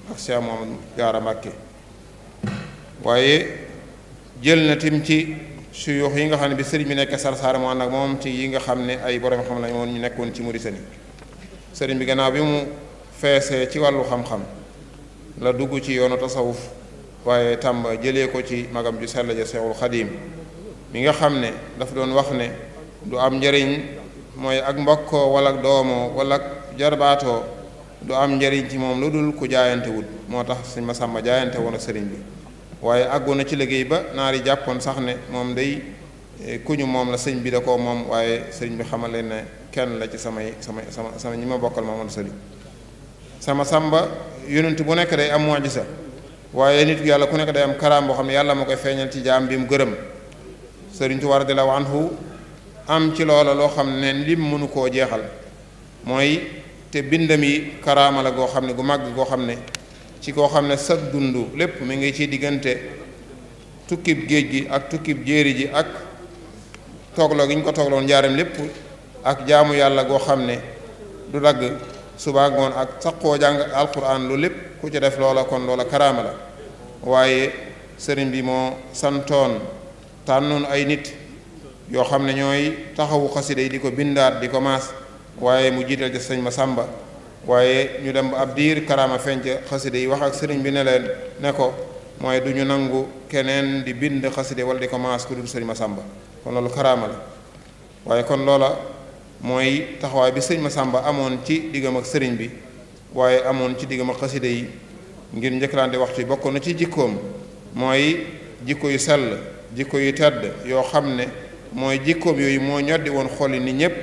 ak Seex jël na tim ci suyuux yi nga xam ne bi sëriñ bi nekk Sarsara moo ànd moom ci yi nga xam ne ay borom xam woon ñu nekkoon ci Mauritanie sëriñ bi gannaaw bi mu feesee ci wàllu xam la dugg ci yoonu tasawuf waaye tàmba jëlee ko ci magam ju sell ja Seexul Xadiim mi nga xam ne dafa doon wax ne du am njariñ mooy ak mbokkoo wala ak doomoo wala ak jarbaatoo du am njariñ ci moom lu dul ku jaayante wut moo tax sëñ Masamba jaayante woon ak sëriñ bi waaye àggu na ci liggéey ba naar yi jàppoon sax ne moom day eh, kuñu moom la sëñ bi da koo moom waaye sëriñ bi xamal leen ne kenn la ci samay samay sama sama ñi ma bokkal ma mën sëriñ sama samba yonent bu nekk day am mu'jiza waaye nit yàlla ku nekk day am karaam boo xam ne yàlla moo koy feeñal ci jaam bi mu gërëm sëriñ Tuubaa radiyallaahu anhu am ci loola loo xam ne lim mënu koo jeexal mooy te bindam yi karaama la goo xam ne gu màgg goo xam ne ci koo xam ne sag dund lépp mi ngi ci diggante tukkib géej gi ak tukkib jéeri ji ak toogloo gi ñu ko toogloon njaareem lépp ak jaamu yàlla goo xam ne du dagg suba ngoon ak saqoo jàng alquran lu lépp ku ci def loola kon loola karaama la waaye sëriñ bi moo santoon tànnoon ay nit yoo xam ne ñooy taxawu xasida yi di ko bindaat di ko maas waaye mu jiital ca sëñ ma sàmba waaye ñu dem ba ab diir karaama feeñ ca xasida yi wax ak sëriñ bi ne leen ne ko mooy du ñu nangu keneen di bind xasida wala di ko maas ku dul sëriñ ma sàmba kon loolu karaama la waaye kon loola mooy taxawaay bi sëriñ ma sàmba amoon ci diggam ak sëriñ bi waaye amoon ci diggam ak xasida yi ngir njëkkalante waxtu yi bokk na ci jikkoom mooy jikko yu sell jikko yu tedd yoo xam ne mooy jikkoom yooyu moo ñoddi woon xol nit ñëpp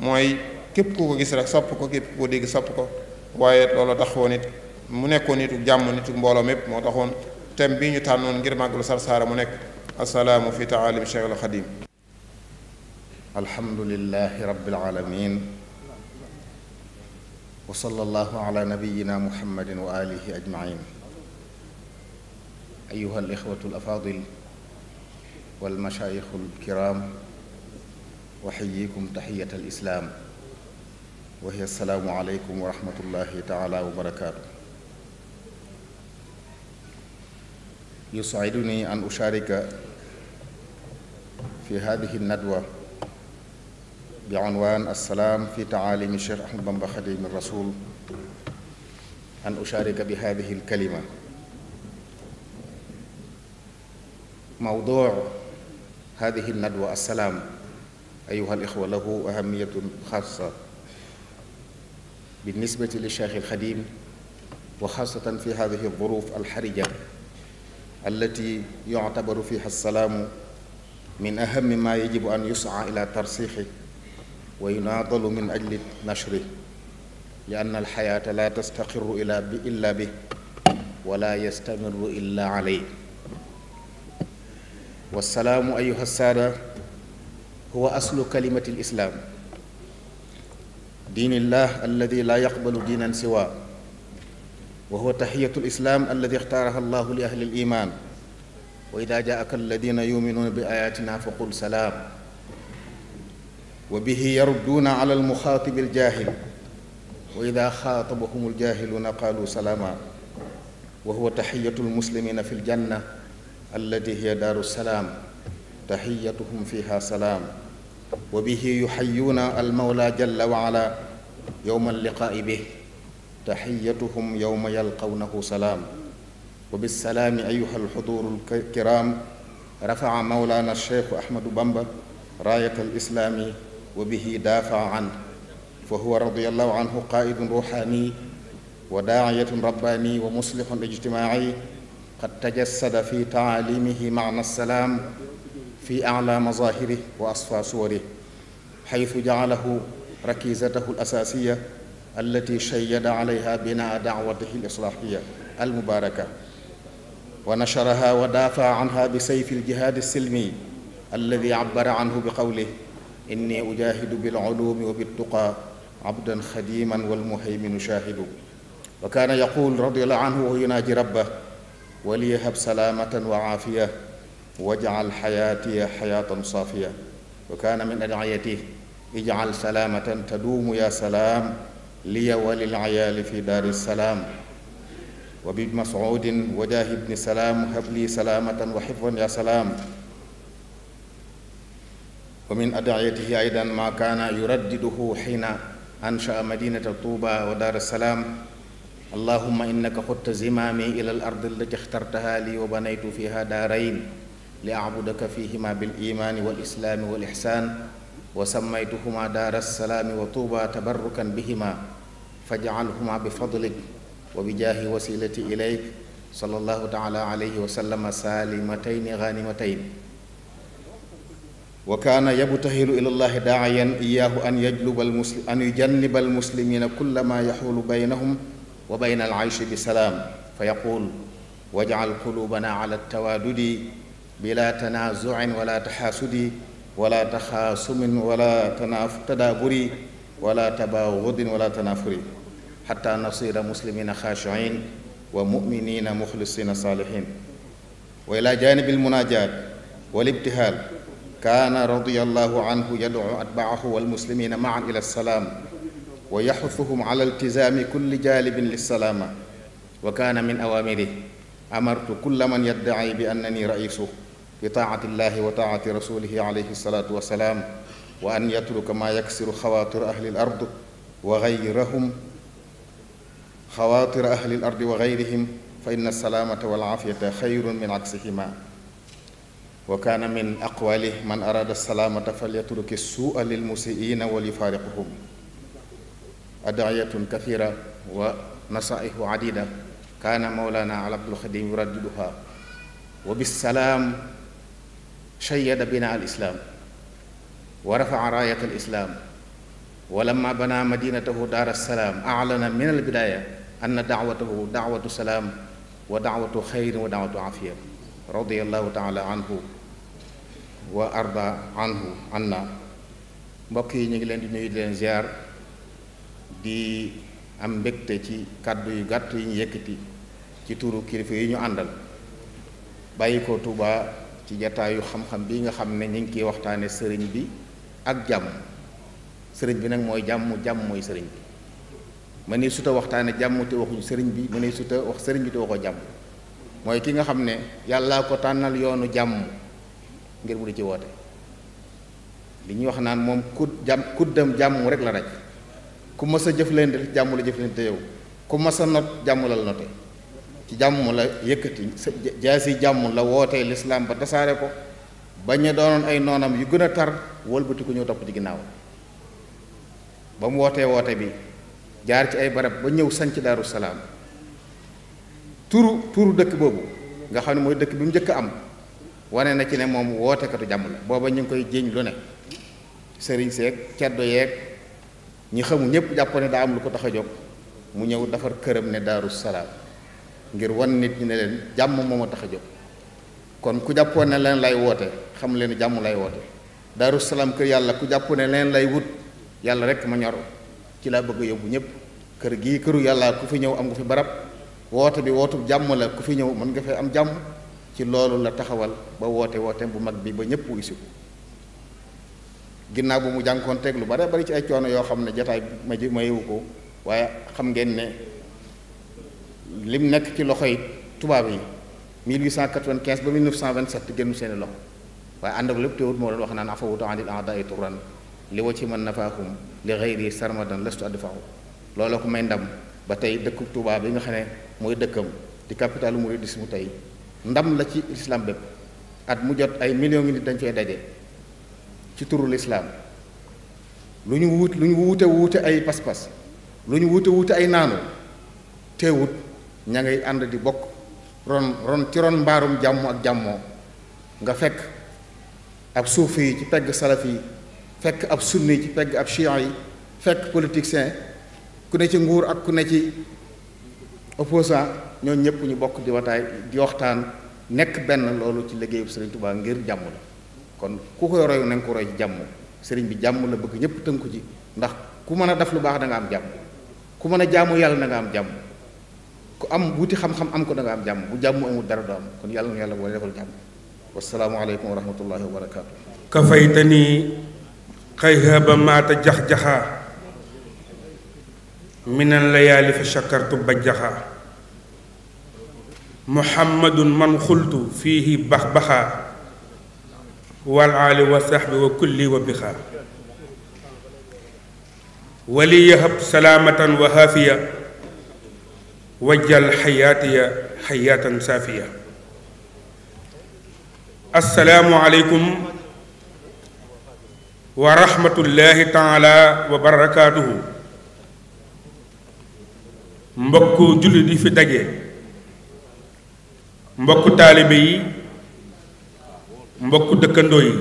mooy képp ku ko gis rek sopp ko képp ku ko dégg sopp ko waaye loolu taxoon it mu nekkoon nitu jàmm nitu mbooloo mépp moo taxoon thème bii ñu tànnoon ngir màggalu Sarsara mu nekk assalaamu fi taalim Cheikh al Xadim alhamdulilahi rabbil alamin wa sallallahu ala nabiyina muhammadin wa alihi ajmain ayuha al ixwatu al wal mashaayixul kiraam waxeyikum taxiyat al islaam waxi assalaamu aleykum wa rahmatullahi taala wa barakaatu yusaiduni an usharika fi hadihi nadwa bi unwaan assalaam fi taalimi Cheikh Ahmad Bamba Xaadimu Rasuul an usharika bi hadihi alkalima mawduu هذه الندوة السلام أيها الإخوة له أهمية خاصة بالنسبة للشيخ الخديم وخاصة في هذه الظروف الحرجة التي يعتبر فيها السلام من أهم ما يجب أن يسعى إلى ترسيخه ويناضل من أجل نشره لأن الحياة لا تستقر إلا به ولا يستمر إلا عليه wassalaamu ayuha saada huwa aslu kalimati lislaam diinillah alladi laa yaqbalu diinan siwa wa huwa taxiyatu lislaam alladi ixtaaraha allahu li ahli limaan wa ida jaaka alladina yuminuuna bi ayatina fa qul salaam wa bihi yarudduuna ala almuxaatibi aljaahil wa ida xaatabahum aljaahiluuna qaalu salaama wa huwa taxiyatu almuslimina fi aljanna allati hiya daaru salaam taxiyatuhum fiha salaam wa bihi yuxayuuna almawla jalla wa ala yowma alliqaai bih taxiyatuhum yowma yalqawnahu salaam wa bisalaami ayuha alxuduru alkiram rafaa mawlaana alcheikhu ahmadu bamba raayat alislaami wa bihi daafaa an fa huwa radiallahu anhu qaidun ruxaani wa daaciyatun rabbaani wa muslixun ijtimaaci qad tajassada fi taalimihi maana salaam fi ala mazahirih wa asfa suwarih xaytu jacalahu rakisatahu alasaasiya allati shayada alayha binaa dacwatihi alislahiya almubaraka wa nasharaha wa daafaa canha bisayfi aljihaad alsilmi alladi abara canhu biqawlih inni ujahidu bilculuumi wa biltuqaa cabdan xadiman walmuhayminu shaahidu wa kaana yaqul radiallahu canhu wa yunaaji rabbah waliyahab salaamatan wa aafiya wajcal xayaatiya xayaatan saafiya wa kaana min adciyatih ijcal salaamatan taduumu ya salaam liya walil ayaali fi daari salaam wa bi mascuudin wa jaahi bni salaam hab lii salaamatan wa xifdan ya salaam wa min adciyatihi aydan maa kaana yuraddiduhu xiina anshaa madinata tuuba wa daari salaam allahuma innaka xutta zimaami ila al ard allati ixtartaha li wa banaytu fiha daarayn li acbudaka fihima bil imaani wal islaami wal ixsaan wa sammaytuhuma daara salaami wa tuuba tabarrukan bihima fajcalhuma bi fadlik wa bi jaahi wasilati ilayk sallallahu taala alayhi wa sallama saalimatayni ghaanimatayni wa kaana yabtahilu ila llahi daaciyan iyaahu an yajluba an yujanniba almuslimina kulla ma yaxulu baynahum wa bayna al ayshi bi salaam fa yaquul wajcal quluubana ala tawaadudi bila tanaazucin wala taxaasudi wala taxaasumin wala tanaaf tadaaburi wala tabaagudin wala tanaafuri xata nasira muslimina xaashicin wa muminina muxlisina saalixin wa ila janibi almunajat walibtihaal kaana radiallahu anhu yadcu atbaahu walmuslimina macan ila salaam wa yaxusuhum ala iltisaami kulli jaalibin lissalaama wa kaana min awaamiri amartu kulla man yaddaci bi annani raisu bi taacati illahi wa taacati rasulihi alayhi salaatu wasalaam wa an yatruka maa yaksiru xawaatir ahli l ard wa gayrahum xawaatir ahli l ardi wa gayrihim fa inna salaamata wal aafiyata xayrun min aksihima wa kaana min aqwali man araada salaamata falyatruki suua lilmusiina wal yufaariquhum adiyatun kathira wa nasaihu adida kaana mawlana ala abdulxadim yuraddiduha wa bisalaam shayyada bina al islaam wa rafaa raayat al islaam wa lamma bana madinatahu daar assalaam alana min al bidaaya anna daawatahu daawatu salaam wa daawatu xayrin wa daawatu afiya radiallahu taala anhu wa arda anhu anna mbokk yi ñu ngi leen di nuyu di leen ziar di am mbégte ci kàddu yu gàtt yi ñu yëkkati ci tuuru kilifa yi ñu àndal bàyyi ko tuuba ci jataayu xam-xam bi nga xam ne ñu ngi koy waxtaane sëriñ bi ak jàmm sëriñ bi nag mooy jàmm jàmm mooy sëriñ bi ma waxtaane jàmm te sëriñ bi ma ne suta wax sëriñ jàmm mooy ki nga xam ne yàllaa ko tànnal yoonu jàmm ngir mu di ci woote li ñuy wax naan moom ku jàmm kuddam jàmm rek la rek ku mës a jëflante jàmm la jëflante yow ku mës a not jàmm la note ci jàmm la yëkkati la wootee lislaam ba tasaare ko bañ a doonoon ay noonam yu gën a tar wëlbati topp ci ginnaaw ba mu wootee woote bi jaar ci ay barab ba ñëw sanc daaru salaam turu turu dëkk boobu nga xam ne mooy dëkk bi mu njëkk am wane na ci ne moom wootekatu jàmm la booba ñu ngi koy jéñ lu ne sëriñ seeg ceddo yeeg ñi xamul ñëpp jàpp ne daa am lu ko tax a jóg mu ñëw defar këram ne daaru salaam ngir wan nit ñi ne leen jàmm moom a tax a jóg kon ku jàppoon ne leen lay woote xam leen jàmm lay woote daaru salaam kër yàlla ku jàpp ne leen lay wut yàlla rekk ma ñor ci laa bëgg yóbbu ñëpp kër gii këru yàlla ku fi ñëw am nga fi barab woote bi wootu jàmm la ku fi ñëw mën nga fi am jàmm ci loolu la taxawal ba woote woote bu mag bi ba ñëpp wuy si ginnaaw bu mu jànkoon teg lu bare bari ci ay coono yoo xam ne jataay ma ma yewu ko waaye xam ngeen ne lim nekk ci loxoy tubaab yi 1895 ba 1927 génn seeni loxo waaye ànd ak lépp teewut moo doon wax naan afawutu anil a'da'i turan li wa ci man nafaahum li ghayri sarmadan lastu adfahu looloo ko may ndam ba tey dëkku Tuubaa bi nga xam ne mooy dëkkam di capitalu mouridisme tey ndam la ci islam bépp at mu jot ay millions ngi nit dañ fay ci turu lislaam lu ñu wut lu ñu wuute wuute ay pas-pas lu ñu wuute wuute ay naanu teewut ña ngay ànd di bokk ron ron ci ron mbaarum jàmm ak jàmmoo nga fekk ab suufi yi ci pegg salaf fekk ab sunni ci pegg ab chian yi fekk politicien ku ne ci nguur ak ku ne ci opposant ñoo ñëpp ñu bokk di wataay di waxtaan nekk benn loolu ci liggéeyub Sëriñ Tuubaa ngir jàmm la kon ku koy roy na nga ko roy ci jàmm sëriñ bi jàmm la bëgg ñëpp tënku ci ndax ku mën a def lu baax da am jàmm ku mën a jàmm yàlla da am jàmm ku am wuti xam-xam am ko da am jàmm bu jàmm amul dara do am kon yàlla na yàlla boole defal jàmm wasalaamu aleykum wa rahmatullahi wa barakaatu kafaytani xayhaba maata jax-jaxaa minan layaali fa shakartu ba jaxaa muhammadun man xultu fiihi bax baxaa wal aali wa saxbi wa kulli wa bixaar wali yahab salaamatan wa haafiya wajjal xayaatiya xayaatan saafiya assalaamu aleykum wa rahmatullahi taala wa barakaatuhu mbokku jullit yi fi daje mbokku taalibe yi mbokk dëkkandoo yi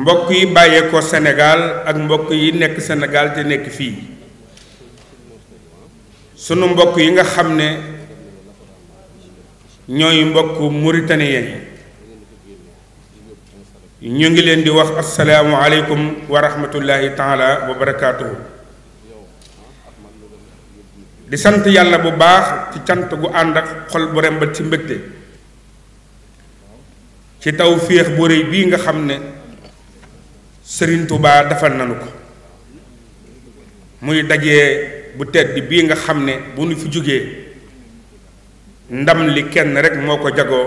mbokk yi bàyyeekoo senegaal ak mbokk yi nekk senegaal te nekk fii sunu mbokk yi nga xam ne ñooy mbokk mauritanien yi ñu ngi leen di wax asalaamu aleykum wa rahmatullahi taala wa barakaatuhu di sant yàlla bu baax ci cant gu ànd ak xol bu rembal ci mbégte ci taw féex bu rëy bii nga xam ne sëriñ Touba defal nanu ko muy daje bu tedd bii nga xam ne bu nu fi jógee ndam li kenn rekk moo ko jagoo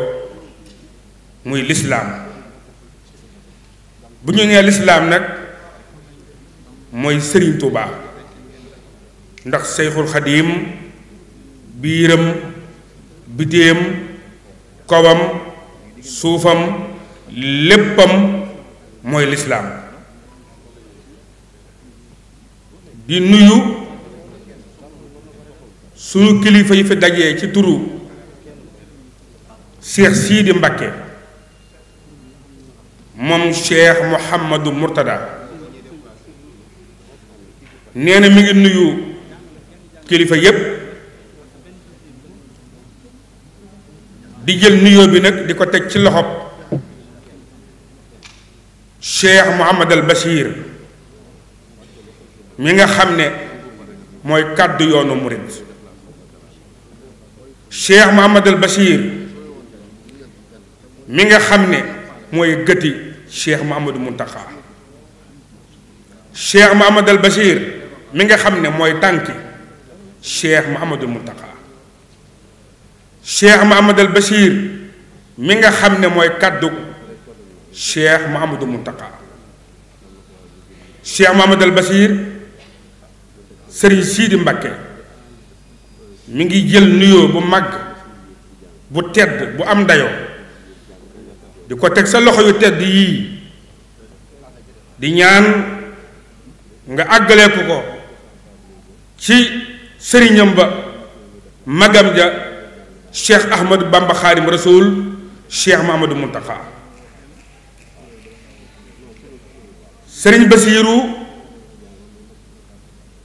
muy lislaam bu ñu nee lislaam nag mooy sëriñ Touba ndax Seyxul Xadiim biiram bitéem kowam suufam léppam mooy lislaam di nuyu sunu kilifa yi fi dajee ci turu Cheikh Sidi Mbacké moom Cheikh Mouhamadou Mourtada nee na mi ngi nuyu kilifa yépp di jël nuyoo bi nag di ko teg ci loxob Cheikh Mouhamad al Bachir mi nga xam ne mooy kàddu yoonu murid Cheikh Mouhamad al Bachir mi nga xam ne mooy gëti Cheikh Mouhamadou Mountakha Cheikh Mouhamad al Bachir mi nga xam ne mooy tànki Cheikh Mouhamadou Mountakha cheikh Mouhamadul Bachir mi nga xam ne mooy kàddu cheikh Mouhamadou Mountakha cheikh Mouhamadul Bachir sëriñ Sidi Mbakke mu ngi jël nuyoo bu mag bu tedd bu am dayoo di ko teg sa loxo yu tedd yii di ñaan nga àggaleeku ko ci sëriñam ba magam ja. cheikh Ahmadou Bamba Xaadim Rasoul cheikh Mahamadou Muntaxa sëriñ Basiiru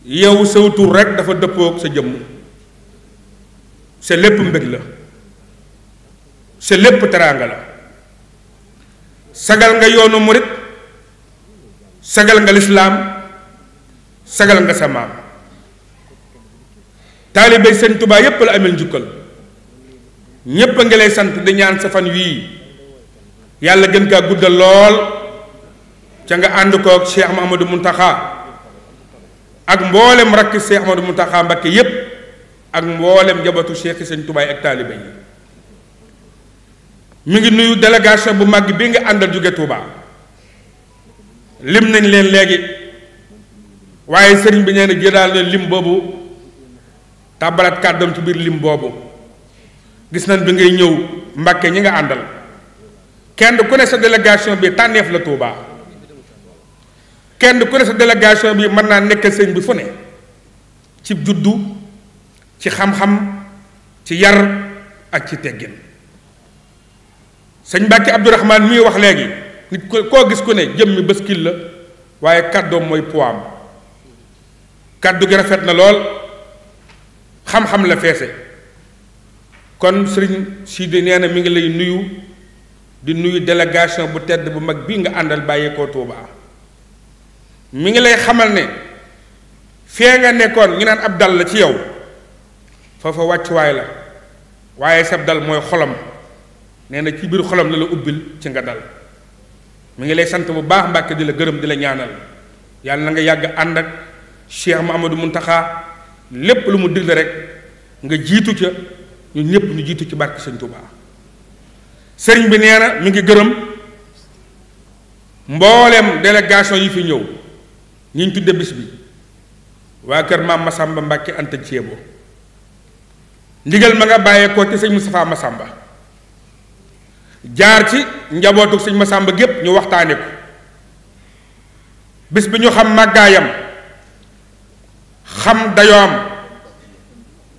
yow saw tur rekk dafa dëppoog sa jëmm sa lépp mbég la sa lépp teraanga la sagal nga yoonu murit sagal nga lislaam sagal nga sa maam taalibe sëñ Tuubaa yépp la amel njukkal ñépp a ngi sant di ñaan sa fan wii yàlla gën kaa guddal lool ca nga ànd koog Cheikh Mahamadou Muntaxa ak mboolem rakk Cheikh Amadou Mountakha Mbacké yépp ak mboolem njabootu Cheikh Sëñ Tubaay ak taaliba yi mi ngi nuyu délégation bu mag bi nga àndal jóge Touba lim nañ leen léegi waaye sëriñ bi nee na jëlaal na lim boobu tàbbalaat kàddoom ci biir lim boobu gis nañ bi ngay ñëw Mbàkke ñi nga àndal kenn ku ne sa délégation bi tànneef la Touba kenn ku ne sa délégation bi mën naa nekkal sëñ bi fu ne ci juddu ci xam-xam ci yar ak ci teggin sëñ Mbàkke Abdourahman mi wax léegi nit ko koo gis ku ne jëmmi bëskil la waaye kàddoo mooy poam kàddu gi rafet na lool xam-xam la feese kon sëriñ Sidi nee na mi ngi lay nuyu di nuyu délégation bu tedd bu mag bii nga àndal bàyyeekoo Touba mi ngi lay xamal ne fee nga nekkoon ñu naan ab dal la ci yow foofa wàccuwaay la waaye sab dal mooy xolam nee na ci biir xolom la la ubbil ci nga dal mu ngi lay sant bu baax Mbàkke di la gërëm di la ñaanal yàlla na nga yàgg ànd ak Cheikh Mouhamadou Mountakha lépp lu mu digle rek nga jiitu ca. ñu ñëpp ñu jiitu ci barke sëñ Touba sëriñ bi nee na ñu ngi gërëm mboolem délégation yi fi ñëw ñu ñu tudde bis bi waa kër maam Masamba Mbàkke Anta Ceebo ndigal ma nga bàyyeekoo ci sëñ ma Masamba jaar ci njabootu sëñ Masamba gépp ñu waxtaane ko bis bi ñu xam màggaayam xam dayoom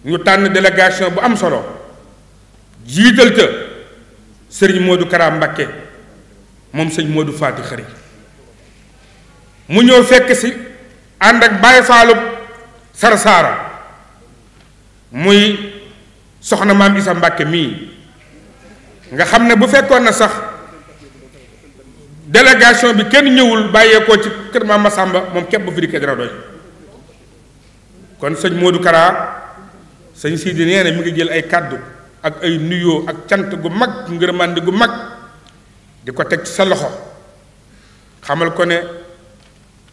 ñu tànn délégation bu am solo jiital ca sëriñ Modou Kara Mbacké moom sëñ Modou Faty Khary mu ñëw fekk si ànd ak Baye Fallou Sarsara muy soxna maam Issa Mbacké mii nga xam ne bu fekkoon na sax délégation bi kenn ñëwul bàyyeekoo ci kër maam sàmba moom képp bu fi dikkee doy kon sëñ Modou Kara sëñ sii nee na mu ngi jël ay kàddu ak ay nuyoo ak cant gu mag ngërmande gu mag di ko teg ci sa loxo xamal ko ne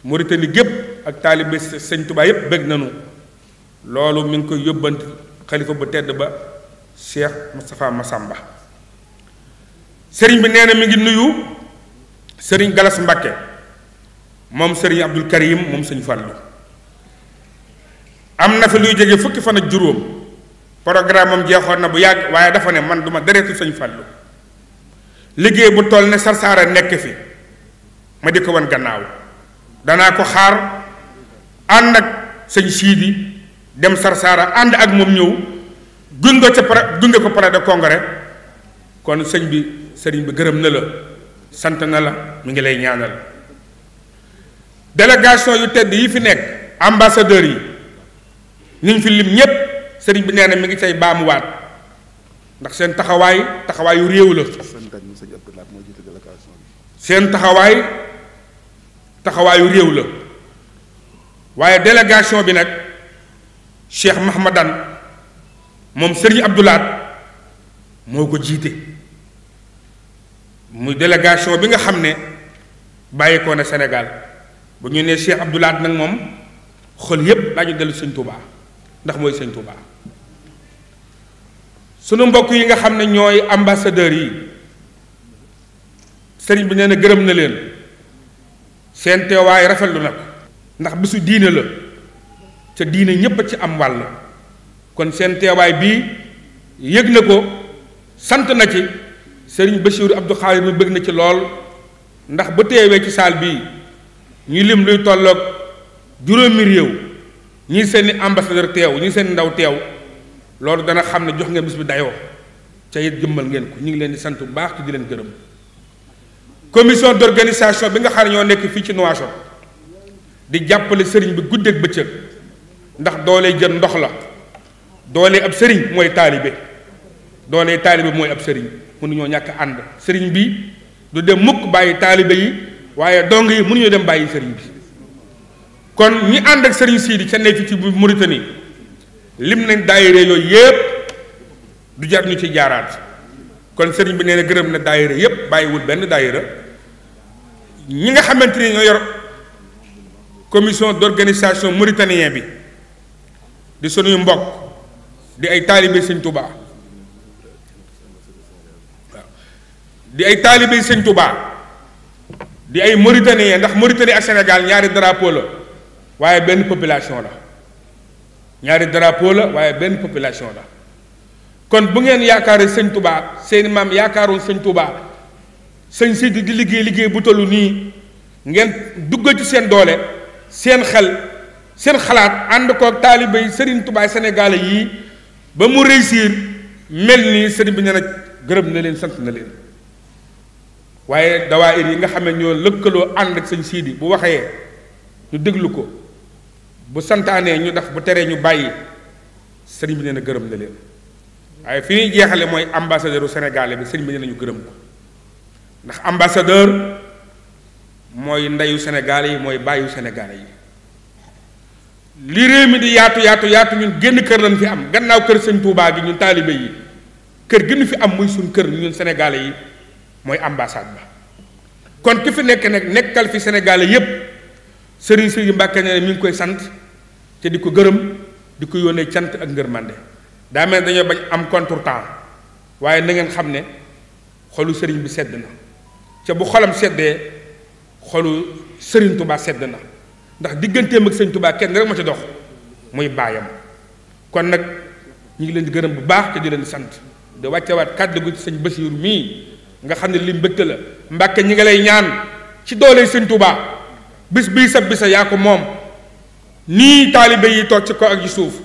mu Mauritanie gépp ak taalibe sëñ Tuubaa yépp bëgg nañu loolu mi ngi koy yóbbante xalifa bu tedd ba Cheikh Moustapha Massamba sëriñ bi nee na mi ngi nuyu sëriñ Galas Mbàkke moom sëriñ Abdul Karim moom sëñ Fàllu am na fi luy jege fukki fana juróom programme am jeexoon na bu yàgg waaye dafa ne man duma deretu sëñ Fallu liggéey bu toll ne Sarsara nekk fi ma di ko wan gannaaw danaa ko xaar ànd ak sëñ Siidi dem Sarsara ànd ak moom ñëw gunge ca pare gunge ko pare de congrès kon sëñ bi sëriñ bi gërëm na la sant na la mu ngi lay ñaanal délégation yu tedd yi fi nekk ambassadeurs yi ñu fi lim ñépp sëriñ bi nee na mi ngi say baamuwaat ndax seen taxawaay taxawaayu réew la. seen taxawaay taxawaayu réew la waaye délégation bi nag Cheikh mahamadan moom sëriñ Abdoulaat moo ko jiite muy délégation bi nga xam ne bàyyi ko na Sénégal bu ñu nee Cheikh abdulaat nag moom xol yépp daañu dellu sëñ Touba ndax mooy sëñ Touba. sunu mbokk yi nga xam ne ñooy ambassadeurs yi sëriñ bi nee na gërëm na leen seen teewaay rafetlu na ko ndax bisu diine la ca diine ñépp a ci am wàll kon seen teewaay bii yëg na ko sant na ci sëriñ Bachir Abdou Khadir mi bëgg na ci lool ndax ba teewee ci saal bii ñu lim luy tolloog juróomi réew ñii seeni ambassadeur teew ñii seen ndaw teew loolu dana xam ne jox ngeen bis bi dayoo ca it jëmmal ngeen ko ñu ngi leen di sant bu baax te di leen gërëm commission d'organisation bi nga xam ñoo nekk fii ci Nouakchott di jàppale sëriñ bi guddeeg bëccëg ndax doolee jël ndox la doolee ab sëriñ mooy taalibe doolee bi mooy ab sëriñ mënuñoo ñàkk ànd sëriñ bi du dem mukk bàyyi taalibe yi waaye dong yi mënuñoo dem bàyyi sëriñ bi kon ñu ànd ak sëriñ di ca nekk ci Mauritanie lim nañ daayira yooyu yëpp du jar ñu ci jaaraat kon sëriñ bi nee gërëm na daayira yëpp bàyyiwul benn daayira ñi nga xamante ni ñoo yor commission d'organisation mauritanien bi di sunuy mbokk di ay taalibe sëñ Tuubaa di ay taalibe sëñ Tuubaa di ay mauritanien ndax Mauritanie ak Sénégal ñaari drapeau la waaye benn population la ñaari drapeau la waaye benn population la kon bu ngeen yaakaaree sëñ Touba seeni maam yaakaaroon sëñ Touba sëñ Sidi di liggéey liggéey bu tollu nii ngeen duggal ci seen doole seen xel seen xalaat ànd koog taalibe yi sëriñ Touba sénégalais yii ba mu réussir mel nii sëriñ bi nee na gërëm na leen sant na leen waaye dawaayir yi nga xam ne ñoo lëkkaloo ànd ak sëñ Sidi bu waxee ñu déglu ko. bu santaanee ñu def bu teree ñu bàyyi sëriñ bi nee gërëm na leen waaye fi ñuy jeexale mooy ambassadeur u bi sëriñ bi nee na ñu gërëm ko ndax ambassadeur mooy ndeyu sénégalais yi mooy bàyyu sénégalais yi li réew mi di yaatu yaatu yaatu ñun génn kër lañ fi am gannaaw kër sëñ Touba gi ñu taalibe yi kër gi fi am muy suñ kër ñun sénégalais yi mooy ambassade ba kon ki fi nekk nag nekkal fi sénégalais yépp sëriñ sëriñ Mbàkke ne mi ngi koy sant te di ko gërëm di ko yónnee cant ak ngërmande daa mel dañoo bañ am contre contretemps waaye na ngeen xam ne xolu sëriñ bi sedd na ca bu xolam seddee xolu sëriñ Touba sedd na ndax digganteem ak sëñ tubaa kenn rek ma ci dox muy baayam kon nag ñu ngi leen di gërëm bu baax te di leen sant di wàccewaat kàddu gu ci sëñ Basiiru mii nga xam ne li mbëkk la Mbàkke ñi nga lay ñaan ci doole sëriñ Touba. bis bii sab bisa yaa ko moom nii taalibe yi toog ci ko ak ci suuf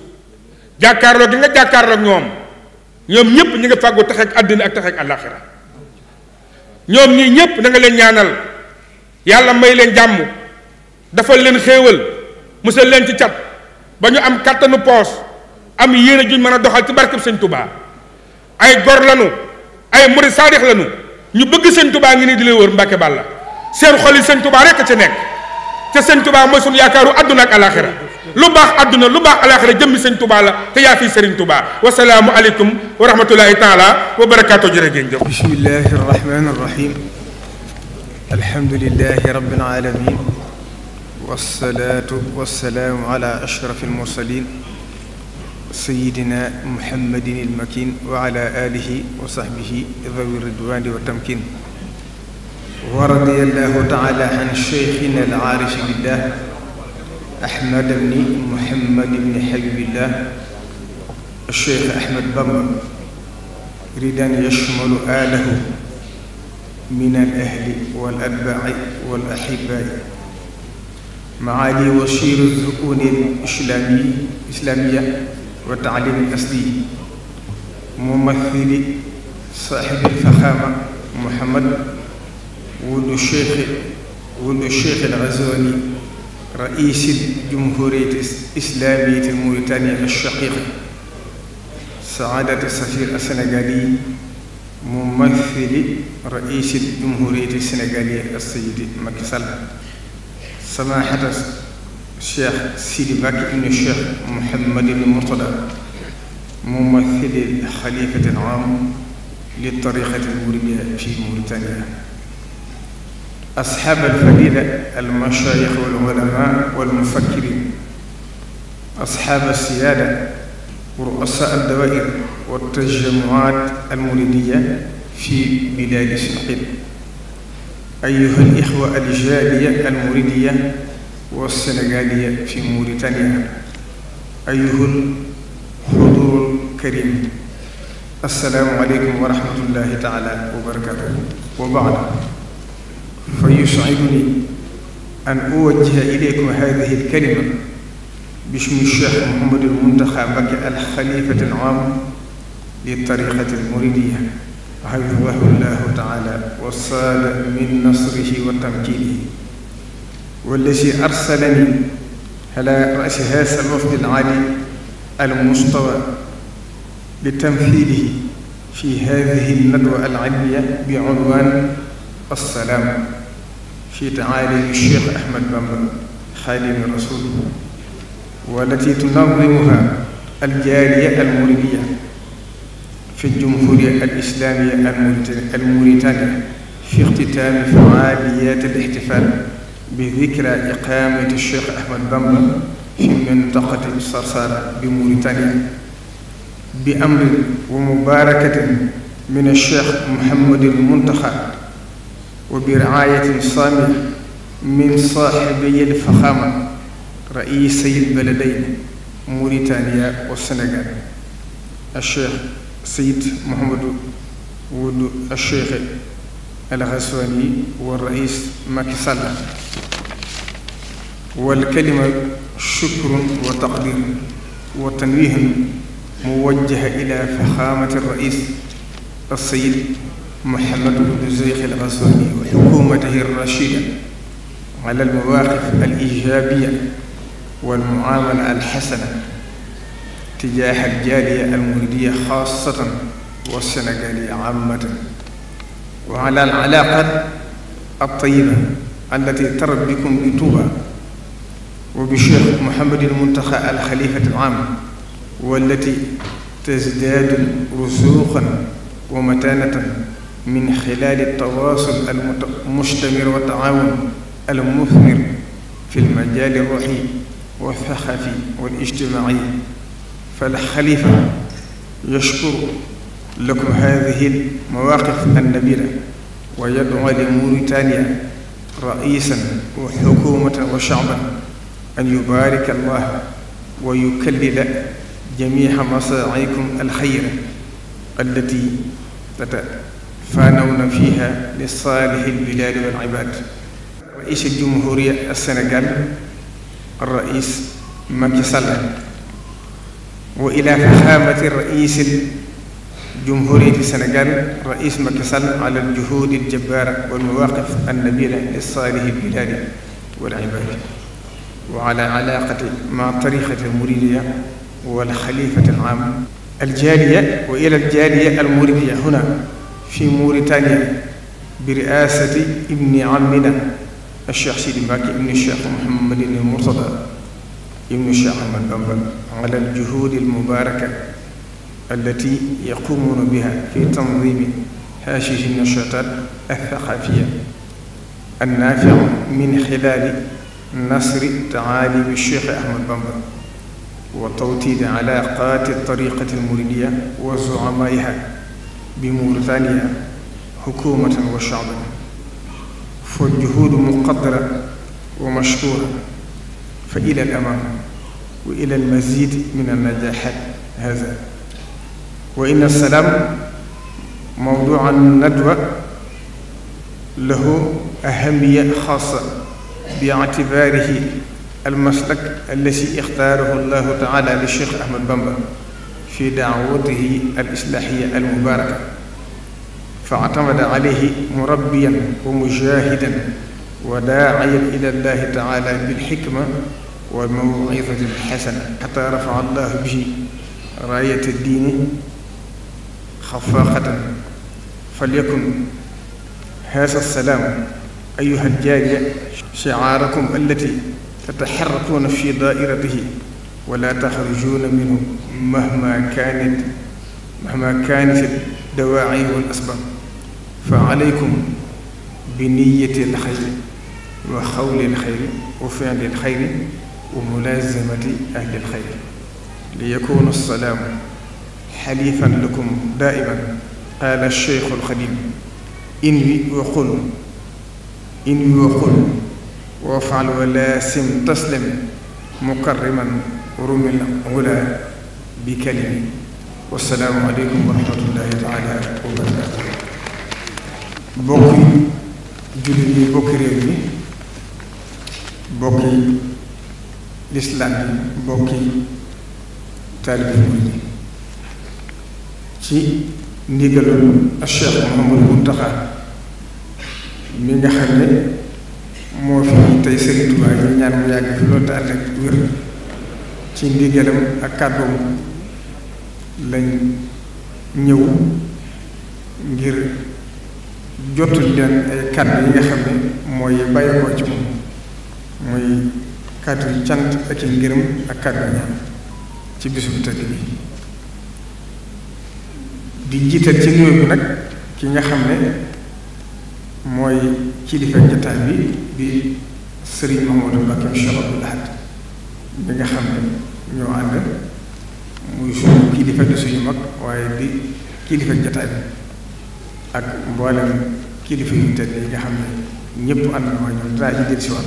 jàkkaarloo gi nga jàkkaarloo ñoom ñoom ñëpp ñu ngi fàggu taxeeg àddina ak taxeeg àllaaxira ñoom ñii ñëpp da leen ñaanal yàlla may leen jàmm dafa leen xéewal musal leen ci cat ba ñu am kàttanu poos am yéene juñ mën a doxal ci barkeb sëñ tubaa ay gor lanu ay murid saadix lanu ñu bëgg sëñ tubaa ngi nii di lay wër mbàkke bàlla seen xol yi sëñ tubaa rekk ci nekk te sëñ tubaa mooy sunu yaakaaru àdduna ak alaxira lu baax àdduna lu baax alaxira jëmmi sëñ tubaa la te yaa fi sëriñ tubaa wasalaamu aleykum wa rahmatullahi taala wa barakaatu jërë ngeen jëf bismillahi arrahmani arrahim alhamdulilahi rabbil alamin wasalaatu wasalaamu ala ashraf almursalin sayidina muhammadin almakin wa ala alihi wa sahbihi dawi ridwani wa tamkin wa radiyallahu taala an cheikhina al aarish billah ahmad bni muhammad bni habibillah cheikh ahmad bamba ridan yashmalu alahu min al ahli wal atbaai wal ahibai maali washiru zukuuni islami islamiya wa taalim asli mumathili saahibi alfaxaama muhammad wuldu cheikh wuldu cheikh al-Ghazali rais al-jumhuriyya al-islamiyya al-mauritaniya al-shaqiq sa'adat as-safir as-senegali ممثل رئيس الجمهورية السنغالية السيد مكي سال سماحة الشيخ سيدي باكي بن الشيخ محمد بن مرتضى ممثل الخليفة العام للطريقة المورية في موريتانيا asxaab alfadila almashaayix walulama walmufakkirin asxaab alsiyaada ruasa aldawaair waltajamuaat almuridiya fi bilaadi sirqin ayuha alixwa aljaaliya almuridiya والسنغالية في موريتانيا أيها الحضور الكريم السلام عليكم ورحمة الله تعالى وبركاته وبعد fa yus'iduni an uwajjiha ilaykum haadihi al-kalima bismi Cheikh Mouhamadul Mountakha Mbacké al-Khalifatul aam li tariqatil muridiyya hafidahu llahu taala wa saada min nasrihi wa tamkiinihi wallazi arsalani ala ra'si haazal wafdil aali al-mustawaa li tanfiidihi fi haadihi an-nadwa al-'ilmiyya bi unwaan as-salaam fi taalimi Cheikh Ahmad Bamba xaadimi rasul wallati tunadimuha aljaaliya almuridiya fi jumhuria alislamiya almuritania fi ixtitaami faaliyat alixtifal bi dikra iqamati Cheikh Ahmad Bamba fi mintaqati Sarsara bi Mauritania bi amrin wa mubarakatin min Cheikh Mouhamadul Muntaxa wa bi riaayatin saamia min saaxibiyi lfaxaama raisay lbaladayn Mauritania wa Sénégal acheikh Seyid Mouhamadou Wuld acheikh alxaswani wa rais Macky Sall walkalima chukrun wa taqdir wa tanwihun muwajjaha ila faxaamati rais asayid محمد بن زيخ الغساني وحكومته الرشيدة على المواقف الإيجابية والمعاملة الحسنة تجاه الجالية المريدية خاصة والسنغالية عامة وعلى العلاقة الطيبة التي ترت بكم بطوبى وبشيخ محمد المنتخى الخليفة العام والتي تزداد رسوخا ومتانة min xilaali tawaasul al mustamir wa taawun al muthmir fi l majaali ruuxi wa saxafi wal ijtimaai fal xalifa yashkuru lakum haadihi l mawaaqif annabila wa yad'u li Mauritania raisan wa xukumatan wa shacban an yubaarika allah wa yukallila jamiica masaacikum alxayra allati فنونا فيها لصالح البلاد والعباد رئيس الجمهورية السنغال الرئيس ماكي سال وإلى فخامة الرئيس جمهورية السنغال رئيس ماكي سال على الجهود الجبارة والمواقف النبيلة لصالح البلاد والعباد وعلى علاقة مع طريقة المريدية والخليفة العام الجالية وإلى الجالية المريدية هنا fi Mauritania bi riasati ibni amina al Cheikh Sidi Mbacke ibni Cheikh Mouhamadin al Murtada ibni Cheikh Ahmad Bamba ala al juhudi al mubaraka allati yaqumuna biha fi tanzimi haashihi nashaatat al thaqafiya al naafiu min xilaali nasri taalimi Cheikh Ahmad Bamba wa tawtiidi alaqaati al tariqati al muridiya wa zuamaiha bi Mauritania xukumatan wa shaaban fa juhuudu muqaddara wa mashkuura fa ila al amaam wa ila al mazid min al najaaxaat haza wa inna salaam mawduun nadwa lahu ahamiya xaasa bi ictibaarihi al maslak allasi ixtaarahu llahu taala li Cheikh Ahmad Bamba fi daawatihi al islaahiya al mubaaraka fa atamada alayhi murabbiyan wa mujaahidan wa daa'iyan ila llaahi ta'aalaa bil xikma wal maw'izati al xasana xataa rafa'a llaahu bihi raayata diini xafaaqatan falyakun haazaa salaamu ayyuha al jaaliya shi'aarakum allati tataxarrakuuna fi daa'iratihi wala taxrujuuna minhu mahma kaanat mahma kaanat dawaaci wal asbab fa alaykum bi niyati alxayri wa xawli alxayri wa fiili alxayri wa mulaazamati ahli alxayri li yakuna assalaamu xalifan lakum daaiman qaala alcheyxu alxadim inwi wa qul inwi wa qul wa faal wa laasim taslim mukarriman urumil wula bi kalimi wassalaamu aleykum wa rahmatullahi bokki jullit yi bokki réew mi bokki lislaam yi bokki taalibe yi ci ndigalul Cheikh Mouhamadou Mountakha mi nga xam ne moo fi tey Sëriñ Tuubaa ñu ñaan mu yàgg fi loolu te ànd ak wér ci ndigalam ak kàddoom lañ ñëw ngir jotul leen ay kàddu yi nga xam ne mooy bàyyi ko ci moom muy kàddu cant ak i ngërëm ak kàddu ñaan ci bisu tëdd bi di jiital ci nuyoo bi nag ki nga xam ne mooy kilifa jotaay bi di Serigne Mamadou Mbacké Cheikh Abdoul Ahad bi nga xam ne ñoo ànd muy suñu kilifa suñu mag waaye di kilifa jataay bi ak mboolem kilifa yu tedd yi nga xam ne ñëpp ànd na ñoom daa ci si waat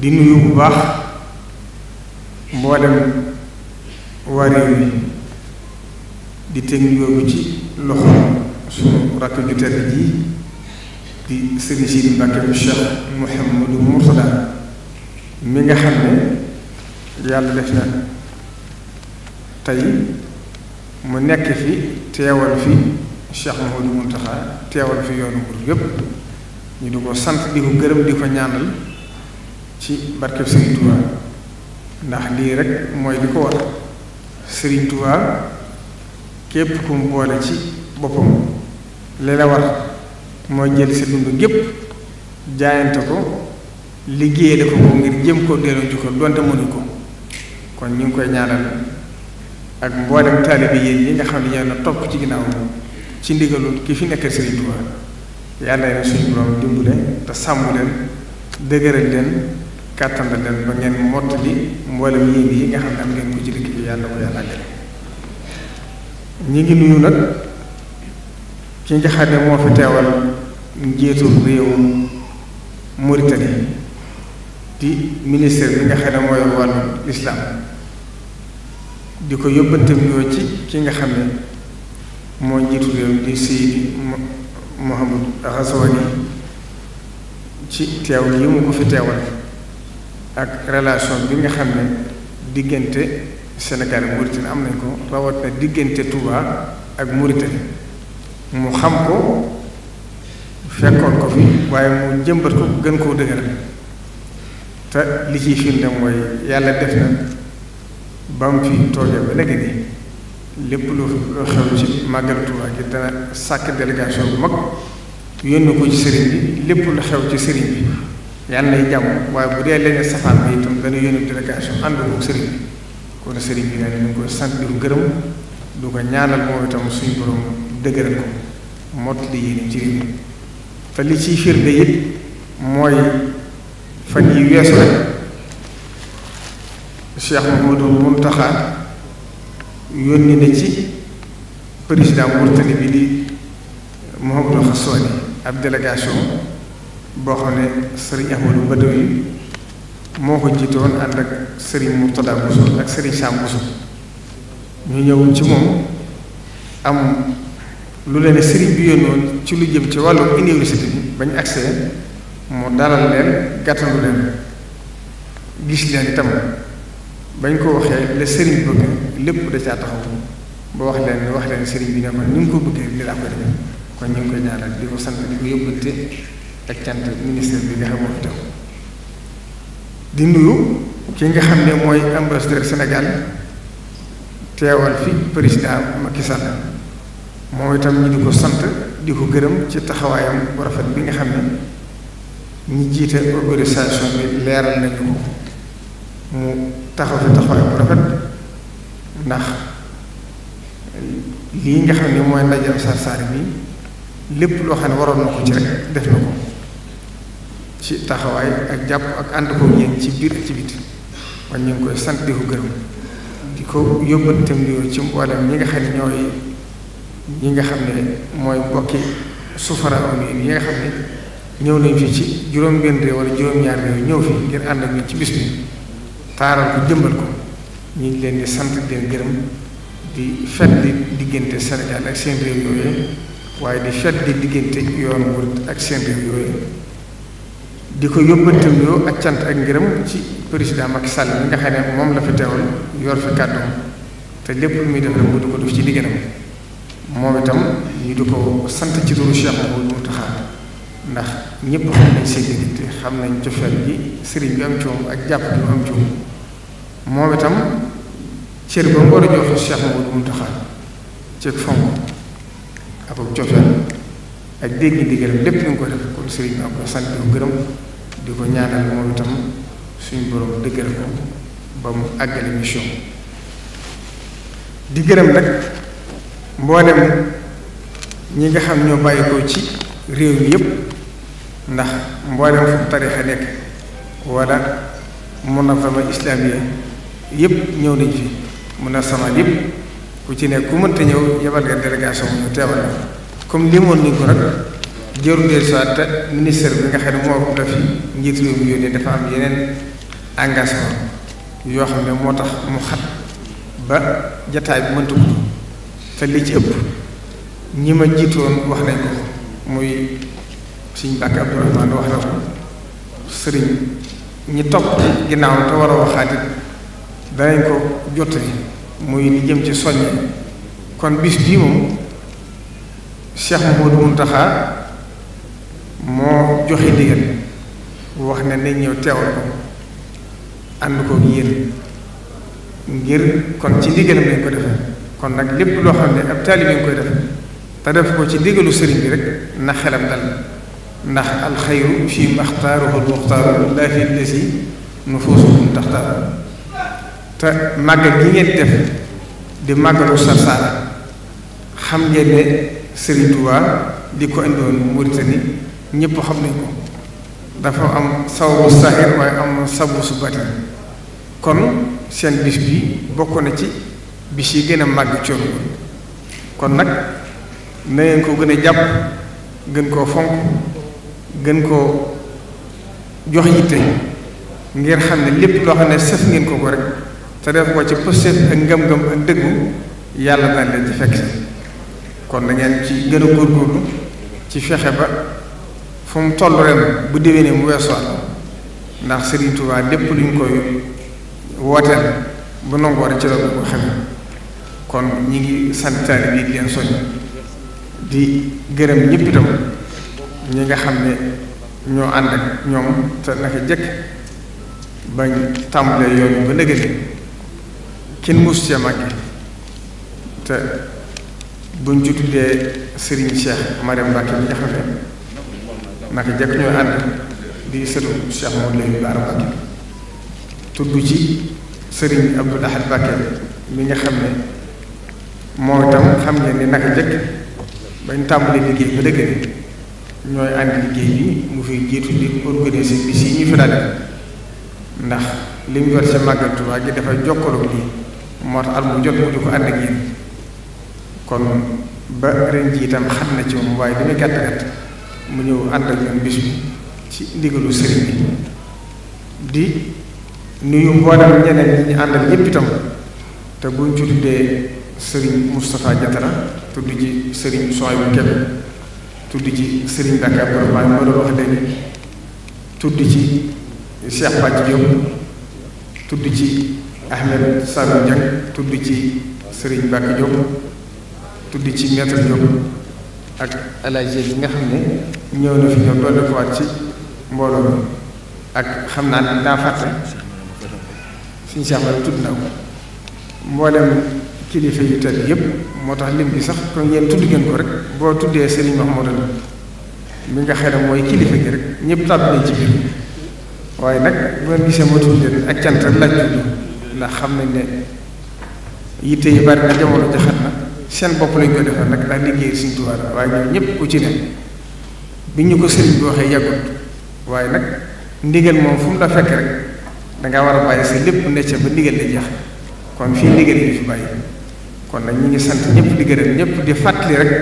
di nuyu bu baax mboolem waa di teg nuyoo ci loxo suñu rakk ju tedd ji di sëriñ si di Mbàkke bi Cheikh Mouhamadou Mourtada mi nga xam ne yàlla def na tey mu nekk fi teewal fi Cheikh Mouhamadou Mountakha teewal fi yoon Mouride yépp ñu di ko sant di gërëm di ko ñaanal ci barkeb Serigne ndax lii rekk mooy di ko war Serigne képp ku mu boole ci boppam li la war mooy jël sa dund gépp jaayante ko. liggéeyale ko ko ngir jëm koo delloo jukkal donte mënu ko kon ñu ngi koy ñaanal ak mboolem taalibe yéen yi nga xam ne yéen a topp ci ginnaaw ci ndigalul ki fi nekk Serigne Touba yàlla na suñu borom dimbale te sàmm leen dëgëral leen kàttandal leen ba ngeen mottali mboolem yéen nga xam ne am ngeen ko ci liggéey bi yàlla ko yàlla àggale ñu ngi nuyu ki nga xam ne moo fi teewal njiitu réew Mauritanie di ministère bi nga xam ne mooy lislaam di ko yóbbantam yoo ci ki nga xam ne moo njiitu réew di Seydi Mouhamadou Ghazouani ci teew mu fi teewal ak relation bi nga xam ne diggante Sénégal ak am nañ ko rawat na diggante Touba ak Mauritanie mu xam ko fekkoon ko fi waaye mu jëmbat gën koo dëgëral te li ciy firnde mooy yàlla def na ba mu fi toogee ba nekk ni lépp lu xew ci màggal Tuubaa gi dana sàkk délégation bu mag yónni ko ci sëriñ bi lépp lu xew ci sëriñ bi yàlla nay jàmm waaye bu dee leneen safaan bi itam dana yónni délégation ànd ko sëriñ bi kon sëriñ bi nag ñu ngi koy sant di ko gërëm du ko ñaanal moom itam suñu borom dëgëral ko mott li yéene ci réew mi te li ciy firnde it mooy fan yi weesu rek Cheikh Mouhamadou Mountakha yónni na ci président Mourtani bi di Mouhamadou Khassoani ab délégation boo xam ne Serigne Ahmadou Badawi moo ko jiitoon woon ànd ak Serigne Mourtada Bousso ak Serigne Sam Bousso ñu ñëw ci moom am lu leen sëriñ bi yónnoon ci lu jëm ci wàll université bi bañ accès mu dalal leen gàttandu leen gis leen itam bañ ko waxee la sëriñ bëgg lépp da caa taxaw ba wax leen wax leen sëriñ bi ne ko ni nga ko bëggee li laa ko defee kon ñu ngi koy ñaanal di ko sant di ko yóbbante ak cant ministère bi nga xam moo di nuyu ki nga xam ne mooy ambassadeur senegal teewal fi président Macky Sall moom itam ñu di ko sant di ko gërëm ci taxawaayam rafet bi nga xam ne ñi jiite organisation bi leeral nañu mu taxaw fi taxawaay bu rafet ndax lii nga xam ne mooy ndaje am Sar Saar bi lépp loo xam ne waroon na ko ci rek def na ko ci taxawaay ak jàpp ak ànd ko yéen ci biir ak ci biti kon ñu ngi koy sant di ko gërëm di ko yóbbal itam nuyoo ci mboolem ñi nga xam ne ñooy ñi nga xam ne mooy mbokki sufara yi nga xam ne. ñëw nañ fii ci juróom-benn réew wala juróom-ñaar réew ñëw fi ngir ànd ak ñun ci bis bi taaral ko jëmbal ko ñu ngi leen di sant di leen gërëm di fet di diggante Sénégal ak seen réew yooyu waaye di fet di diggante yoon Murid ak seen réew yooyu di ko yóbbantam yoo ak cant ak ngërëm ci président Macky Sall mi nga xam ne moom la fi teewal yor fi kàddoom te lépp muy def rek mu du ko def ci liggéeyam moom itam ñu di ko sant ci turu Cheikh Mouhamadou Mountakha ndax ñëpp xam nañ seen diggante xam nañ cofeel gi sëriñ bi am ci ak jàpp bi am ci moom moom itam cër ba mu war a jox Cheikh Mouhamadou Mountakha ceeg fonk ak cofeel ak dégg ndigalam lépp ñu ko def kon sëriñ bi am sant di ko gërëm di ko ñaanal moom itam suñu borom dëggal ko ba mu àggale mission di gërëm nag mboolem ñi nga xam ñoo bàyyi ko ci réew mi yépp ndax mboolem fu tarixa nekk wala munazama islamiya yépp ñëw nañ fi munazama yëpp ku ci nekk ku mënta ñëw yebal nga délégation bu ñu teewal la comme limoon nañ ko nag jëru dee soit te ministère bi nga xam ne moo la fi njiitu dafa am yoo xam ne moo tax mu xat ba li ci ëpp ma jiitoon wax nañ ko muy suñ bàkk Abdourahmane wax na ko sëriñ ñi topp ginnaaw te war a waxaatit danañ ko jottali muy li jëm ci soññe kon bis bii moom Cheikh Mouhamadou taxaa moo joxe ndigal wax ne nañ ñëw teewal ko ànd ko yéen ngir kon ci ndigalam lañ ko defe kon nag lépp loo xam ne ab taalibe nga koy def te def ko ci ndigalu sëriñ bi rek na xelam dal ndax alxayru fi maxtaaruhu almuxtaaru laa fi lesi nufusuhum taxtaar te màggal gi ngeen def di màggalu Sarsara xam ngeen ne Serigne Touba ko indiwoon Mauritanie ñépp xam nañ ko dafa am sababu sahir waaye am sababu su bati kon seen bis bi bokk na ci bis yi gën a màgg coono kon nag na ngeen ko gën a jàpp gën koo fonk gën koo jox yitte ngir xam ne lépp loo xam ne sëf ngeen ko ko rek te def ko ci pëstéef ak ngëm-ngëm ak dëggu yàlla daan leen ci fekk kon na ngeen ci gën a góorgóorlu ci fexe ba fu mu toll ren bu déwénee mu weesuwaat ndax Serigne Touba lépp lu ñu koy wooteel bu nangoo rek ci la ko xamee kon ñi ngi sant taalibe bi di leen soññ di gërëm ñëpp itam ñi nga xam ne ñoo ànd ak ñoom te naka jëkk bañ tàmbalee yoon yi ba nëgëni kenn musu cee màgge te buñ ci tuddee Serigne Cheikh Mariam Mbacke bi nga xam ne naka jëkk ñoo ci Serigne Abdoul Ahad Mbacke mi nga xam ne moo xam ngeen ni naka jëkk bañ tàmbalee liggéey ba nëgëni ñooy ànd liggéey bi mu fi jiitu di organiser bi si ñu fi daal ndax li mu yor ci màggal Tuubaa gi dafay jokkaloo lii moo tax at mu jot mu di ko ànd ak kon ba ren ji itam xam na ci moom waaye li muy gàtt gàtt mu ñëw ànd ak ñoom bis bi ci ndigalu sëriñ bi di nuyu mboolem ñeneen ñi ñu àndal ñépp itam te buñ ci tuddee sëriñ Moustapha Diatara tudd ji sëriñ Sohaibou Kébé tudd ci Serigne Mbacke Abdourahmane ma doon wax léegi tudd ci Cheikh Badji Diop tudd ci Ahmed Saliou Niang tudd ci Serigne Mbacke Diop tudd ci Maître Diop ak alaaji yi nga xam ne ñëw na fi ñëw doon ko ci mbooloo mi ak xam naa daa fàtte suñu Cheikh Badji tudd na ko mboolem. kilifa yu tedd yëpp moo tax lim bi sax kon ngeen tudd ngeen ko rek boo tuddee moo Mahmoudane mi nga xam ne mooy kilifa gi rek ñépp tàbb ci waaye nag bu ngeen gisee ma tudd leen ak cant ndax xam nañ ne yitte yu bari na jamono jaxat na seen bopp lañ ko defal nag ndax liggéey Serigne ñëpp ku ci bi ñu ko Serigne bi waxee yàggut waaye nag ndigal moom fu mu la fekk rek da war a bàyyi sa lépp ne ca ba ndigal la jax kon fii ndigal yi fi bàyyi. kon nag ñu ngi sant ñëpp di gërëm ñëpp di fàttali rek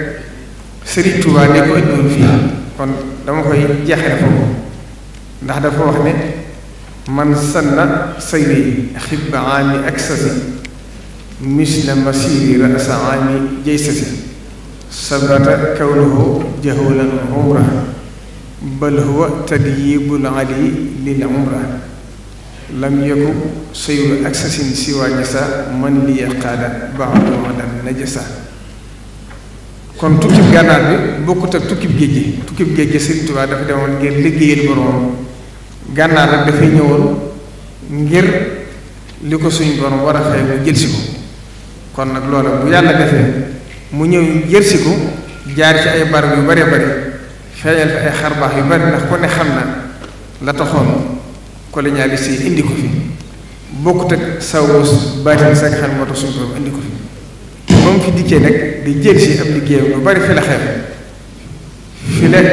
Serigne Touba ne ko indiwoon fii kon dama koy jeexale foofu ndax dafa wax ne man sanna sayri xibba aami ak sasi misla masiri rasa aami jay sasi sabata kawluhu jahulan umra bal huwa tadyibul ali lil umra lam yeku sëyulu ak sasin siwaa jasa man li yaqaada baaxul ma dal najasa kon tukkib gànnaar bi bokkut ak tukkib géej gi tukkib géej gi Sëriñ Tuubaa dafa demoon ngir liggéeyal boroom gànnaar rek dafay ñëwoon ngir li ko suñ borom war a fay jëlsi ko kon nag loola bu yàlla defee mu ñëw jëlsi ko jaar ci ay barab yu bare bare feeñal fi ay xarbaax yu bari ndax ku ne xam na la taxoon colonialiste yi indi ko fi bokkut ak sawus baatin sa nga xam ne moo tax suñu ko fi moom fi dikkee nag di jël si ab liggéeyam lu bari fi la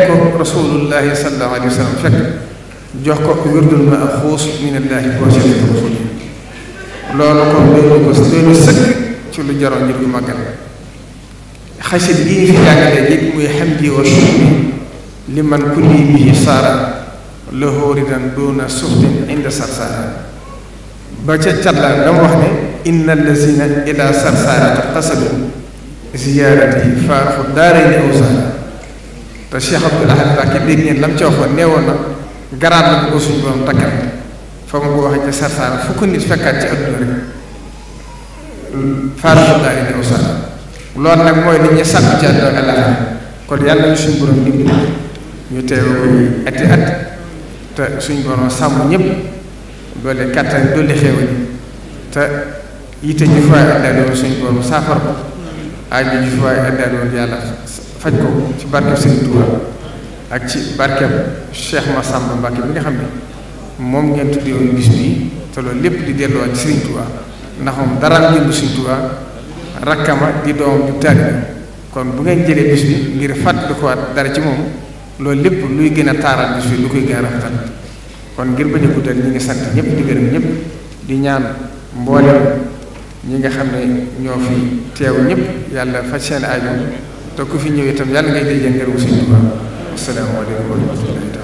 ko rasulullahi sallallahu alayhi wa sallam fekk jox ko wirdul ma ak xuus minallahi loolu kon doonu ko sëkk ci lu jaroon njëkk màggal xasit gi ñu fi jàngalee léegi muy xam ji wa li man kulli saara lahu ridan duna suxtin inda sarsaara ba ca catlaan dama wax ne inna allazina ila sarsaarata qasabu ziyaarati faafu daarayni aw sahra te Cheikh Abdoul Ahad na faafu daarayni aw sahra loolu nag mooy li ñu sàkku ci àdduna ak kon yàlla na suñu borom dimbali ñu teew ati at te suñ borom sàmm ñëpp doole kàttan doole xéewal te yite ji fay àddaale woon suñ borom saafar ko aajo ji fay àddaale woon yàlla faj ko ci barkeb Sëriñ Tuuba ak ci barkeb Cheikh Massamba Mbacke bi nga xam moom ngeen tuddee woon bis bi te loolu lépp di delloo ci Sëriñ Tuuba ndax moom dara jënd Sëriñ Tuuba rakkama di doom di taalibe kon bu ngeen jëlee bis bi ngir fàttalikuwaat dara ci moom. loolu lépp luy gën a taaral bis bi lu koy gën a rafetal kon ngir bañ a guddal ñi ngi sant ñëpp di gërëm ñëpp di ñaan mboolem ñi nga xam ne ñoo fi teew ñëpp yàlla faj seen aajo te ku fi ñëw itam yàlla ngay déjee ngërëmu Sëñ Tuubaa asalaamaaleykum wa rahmatullahi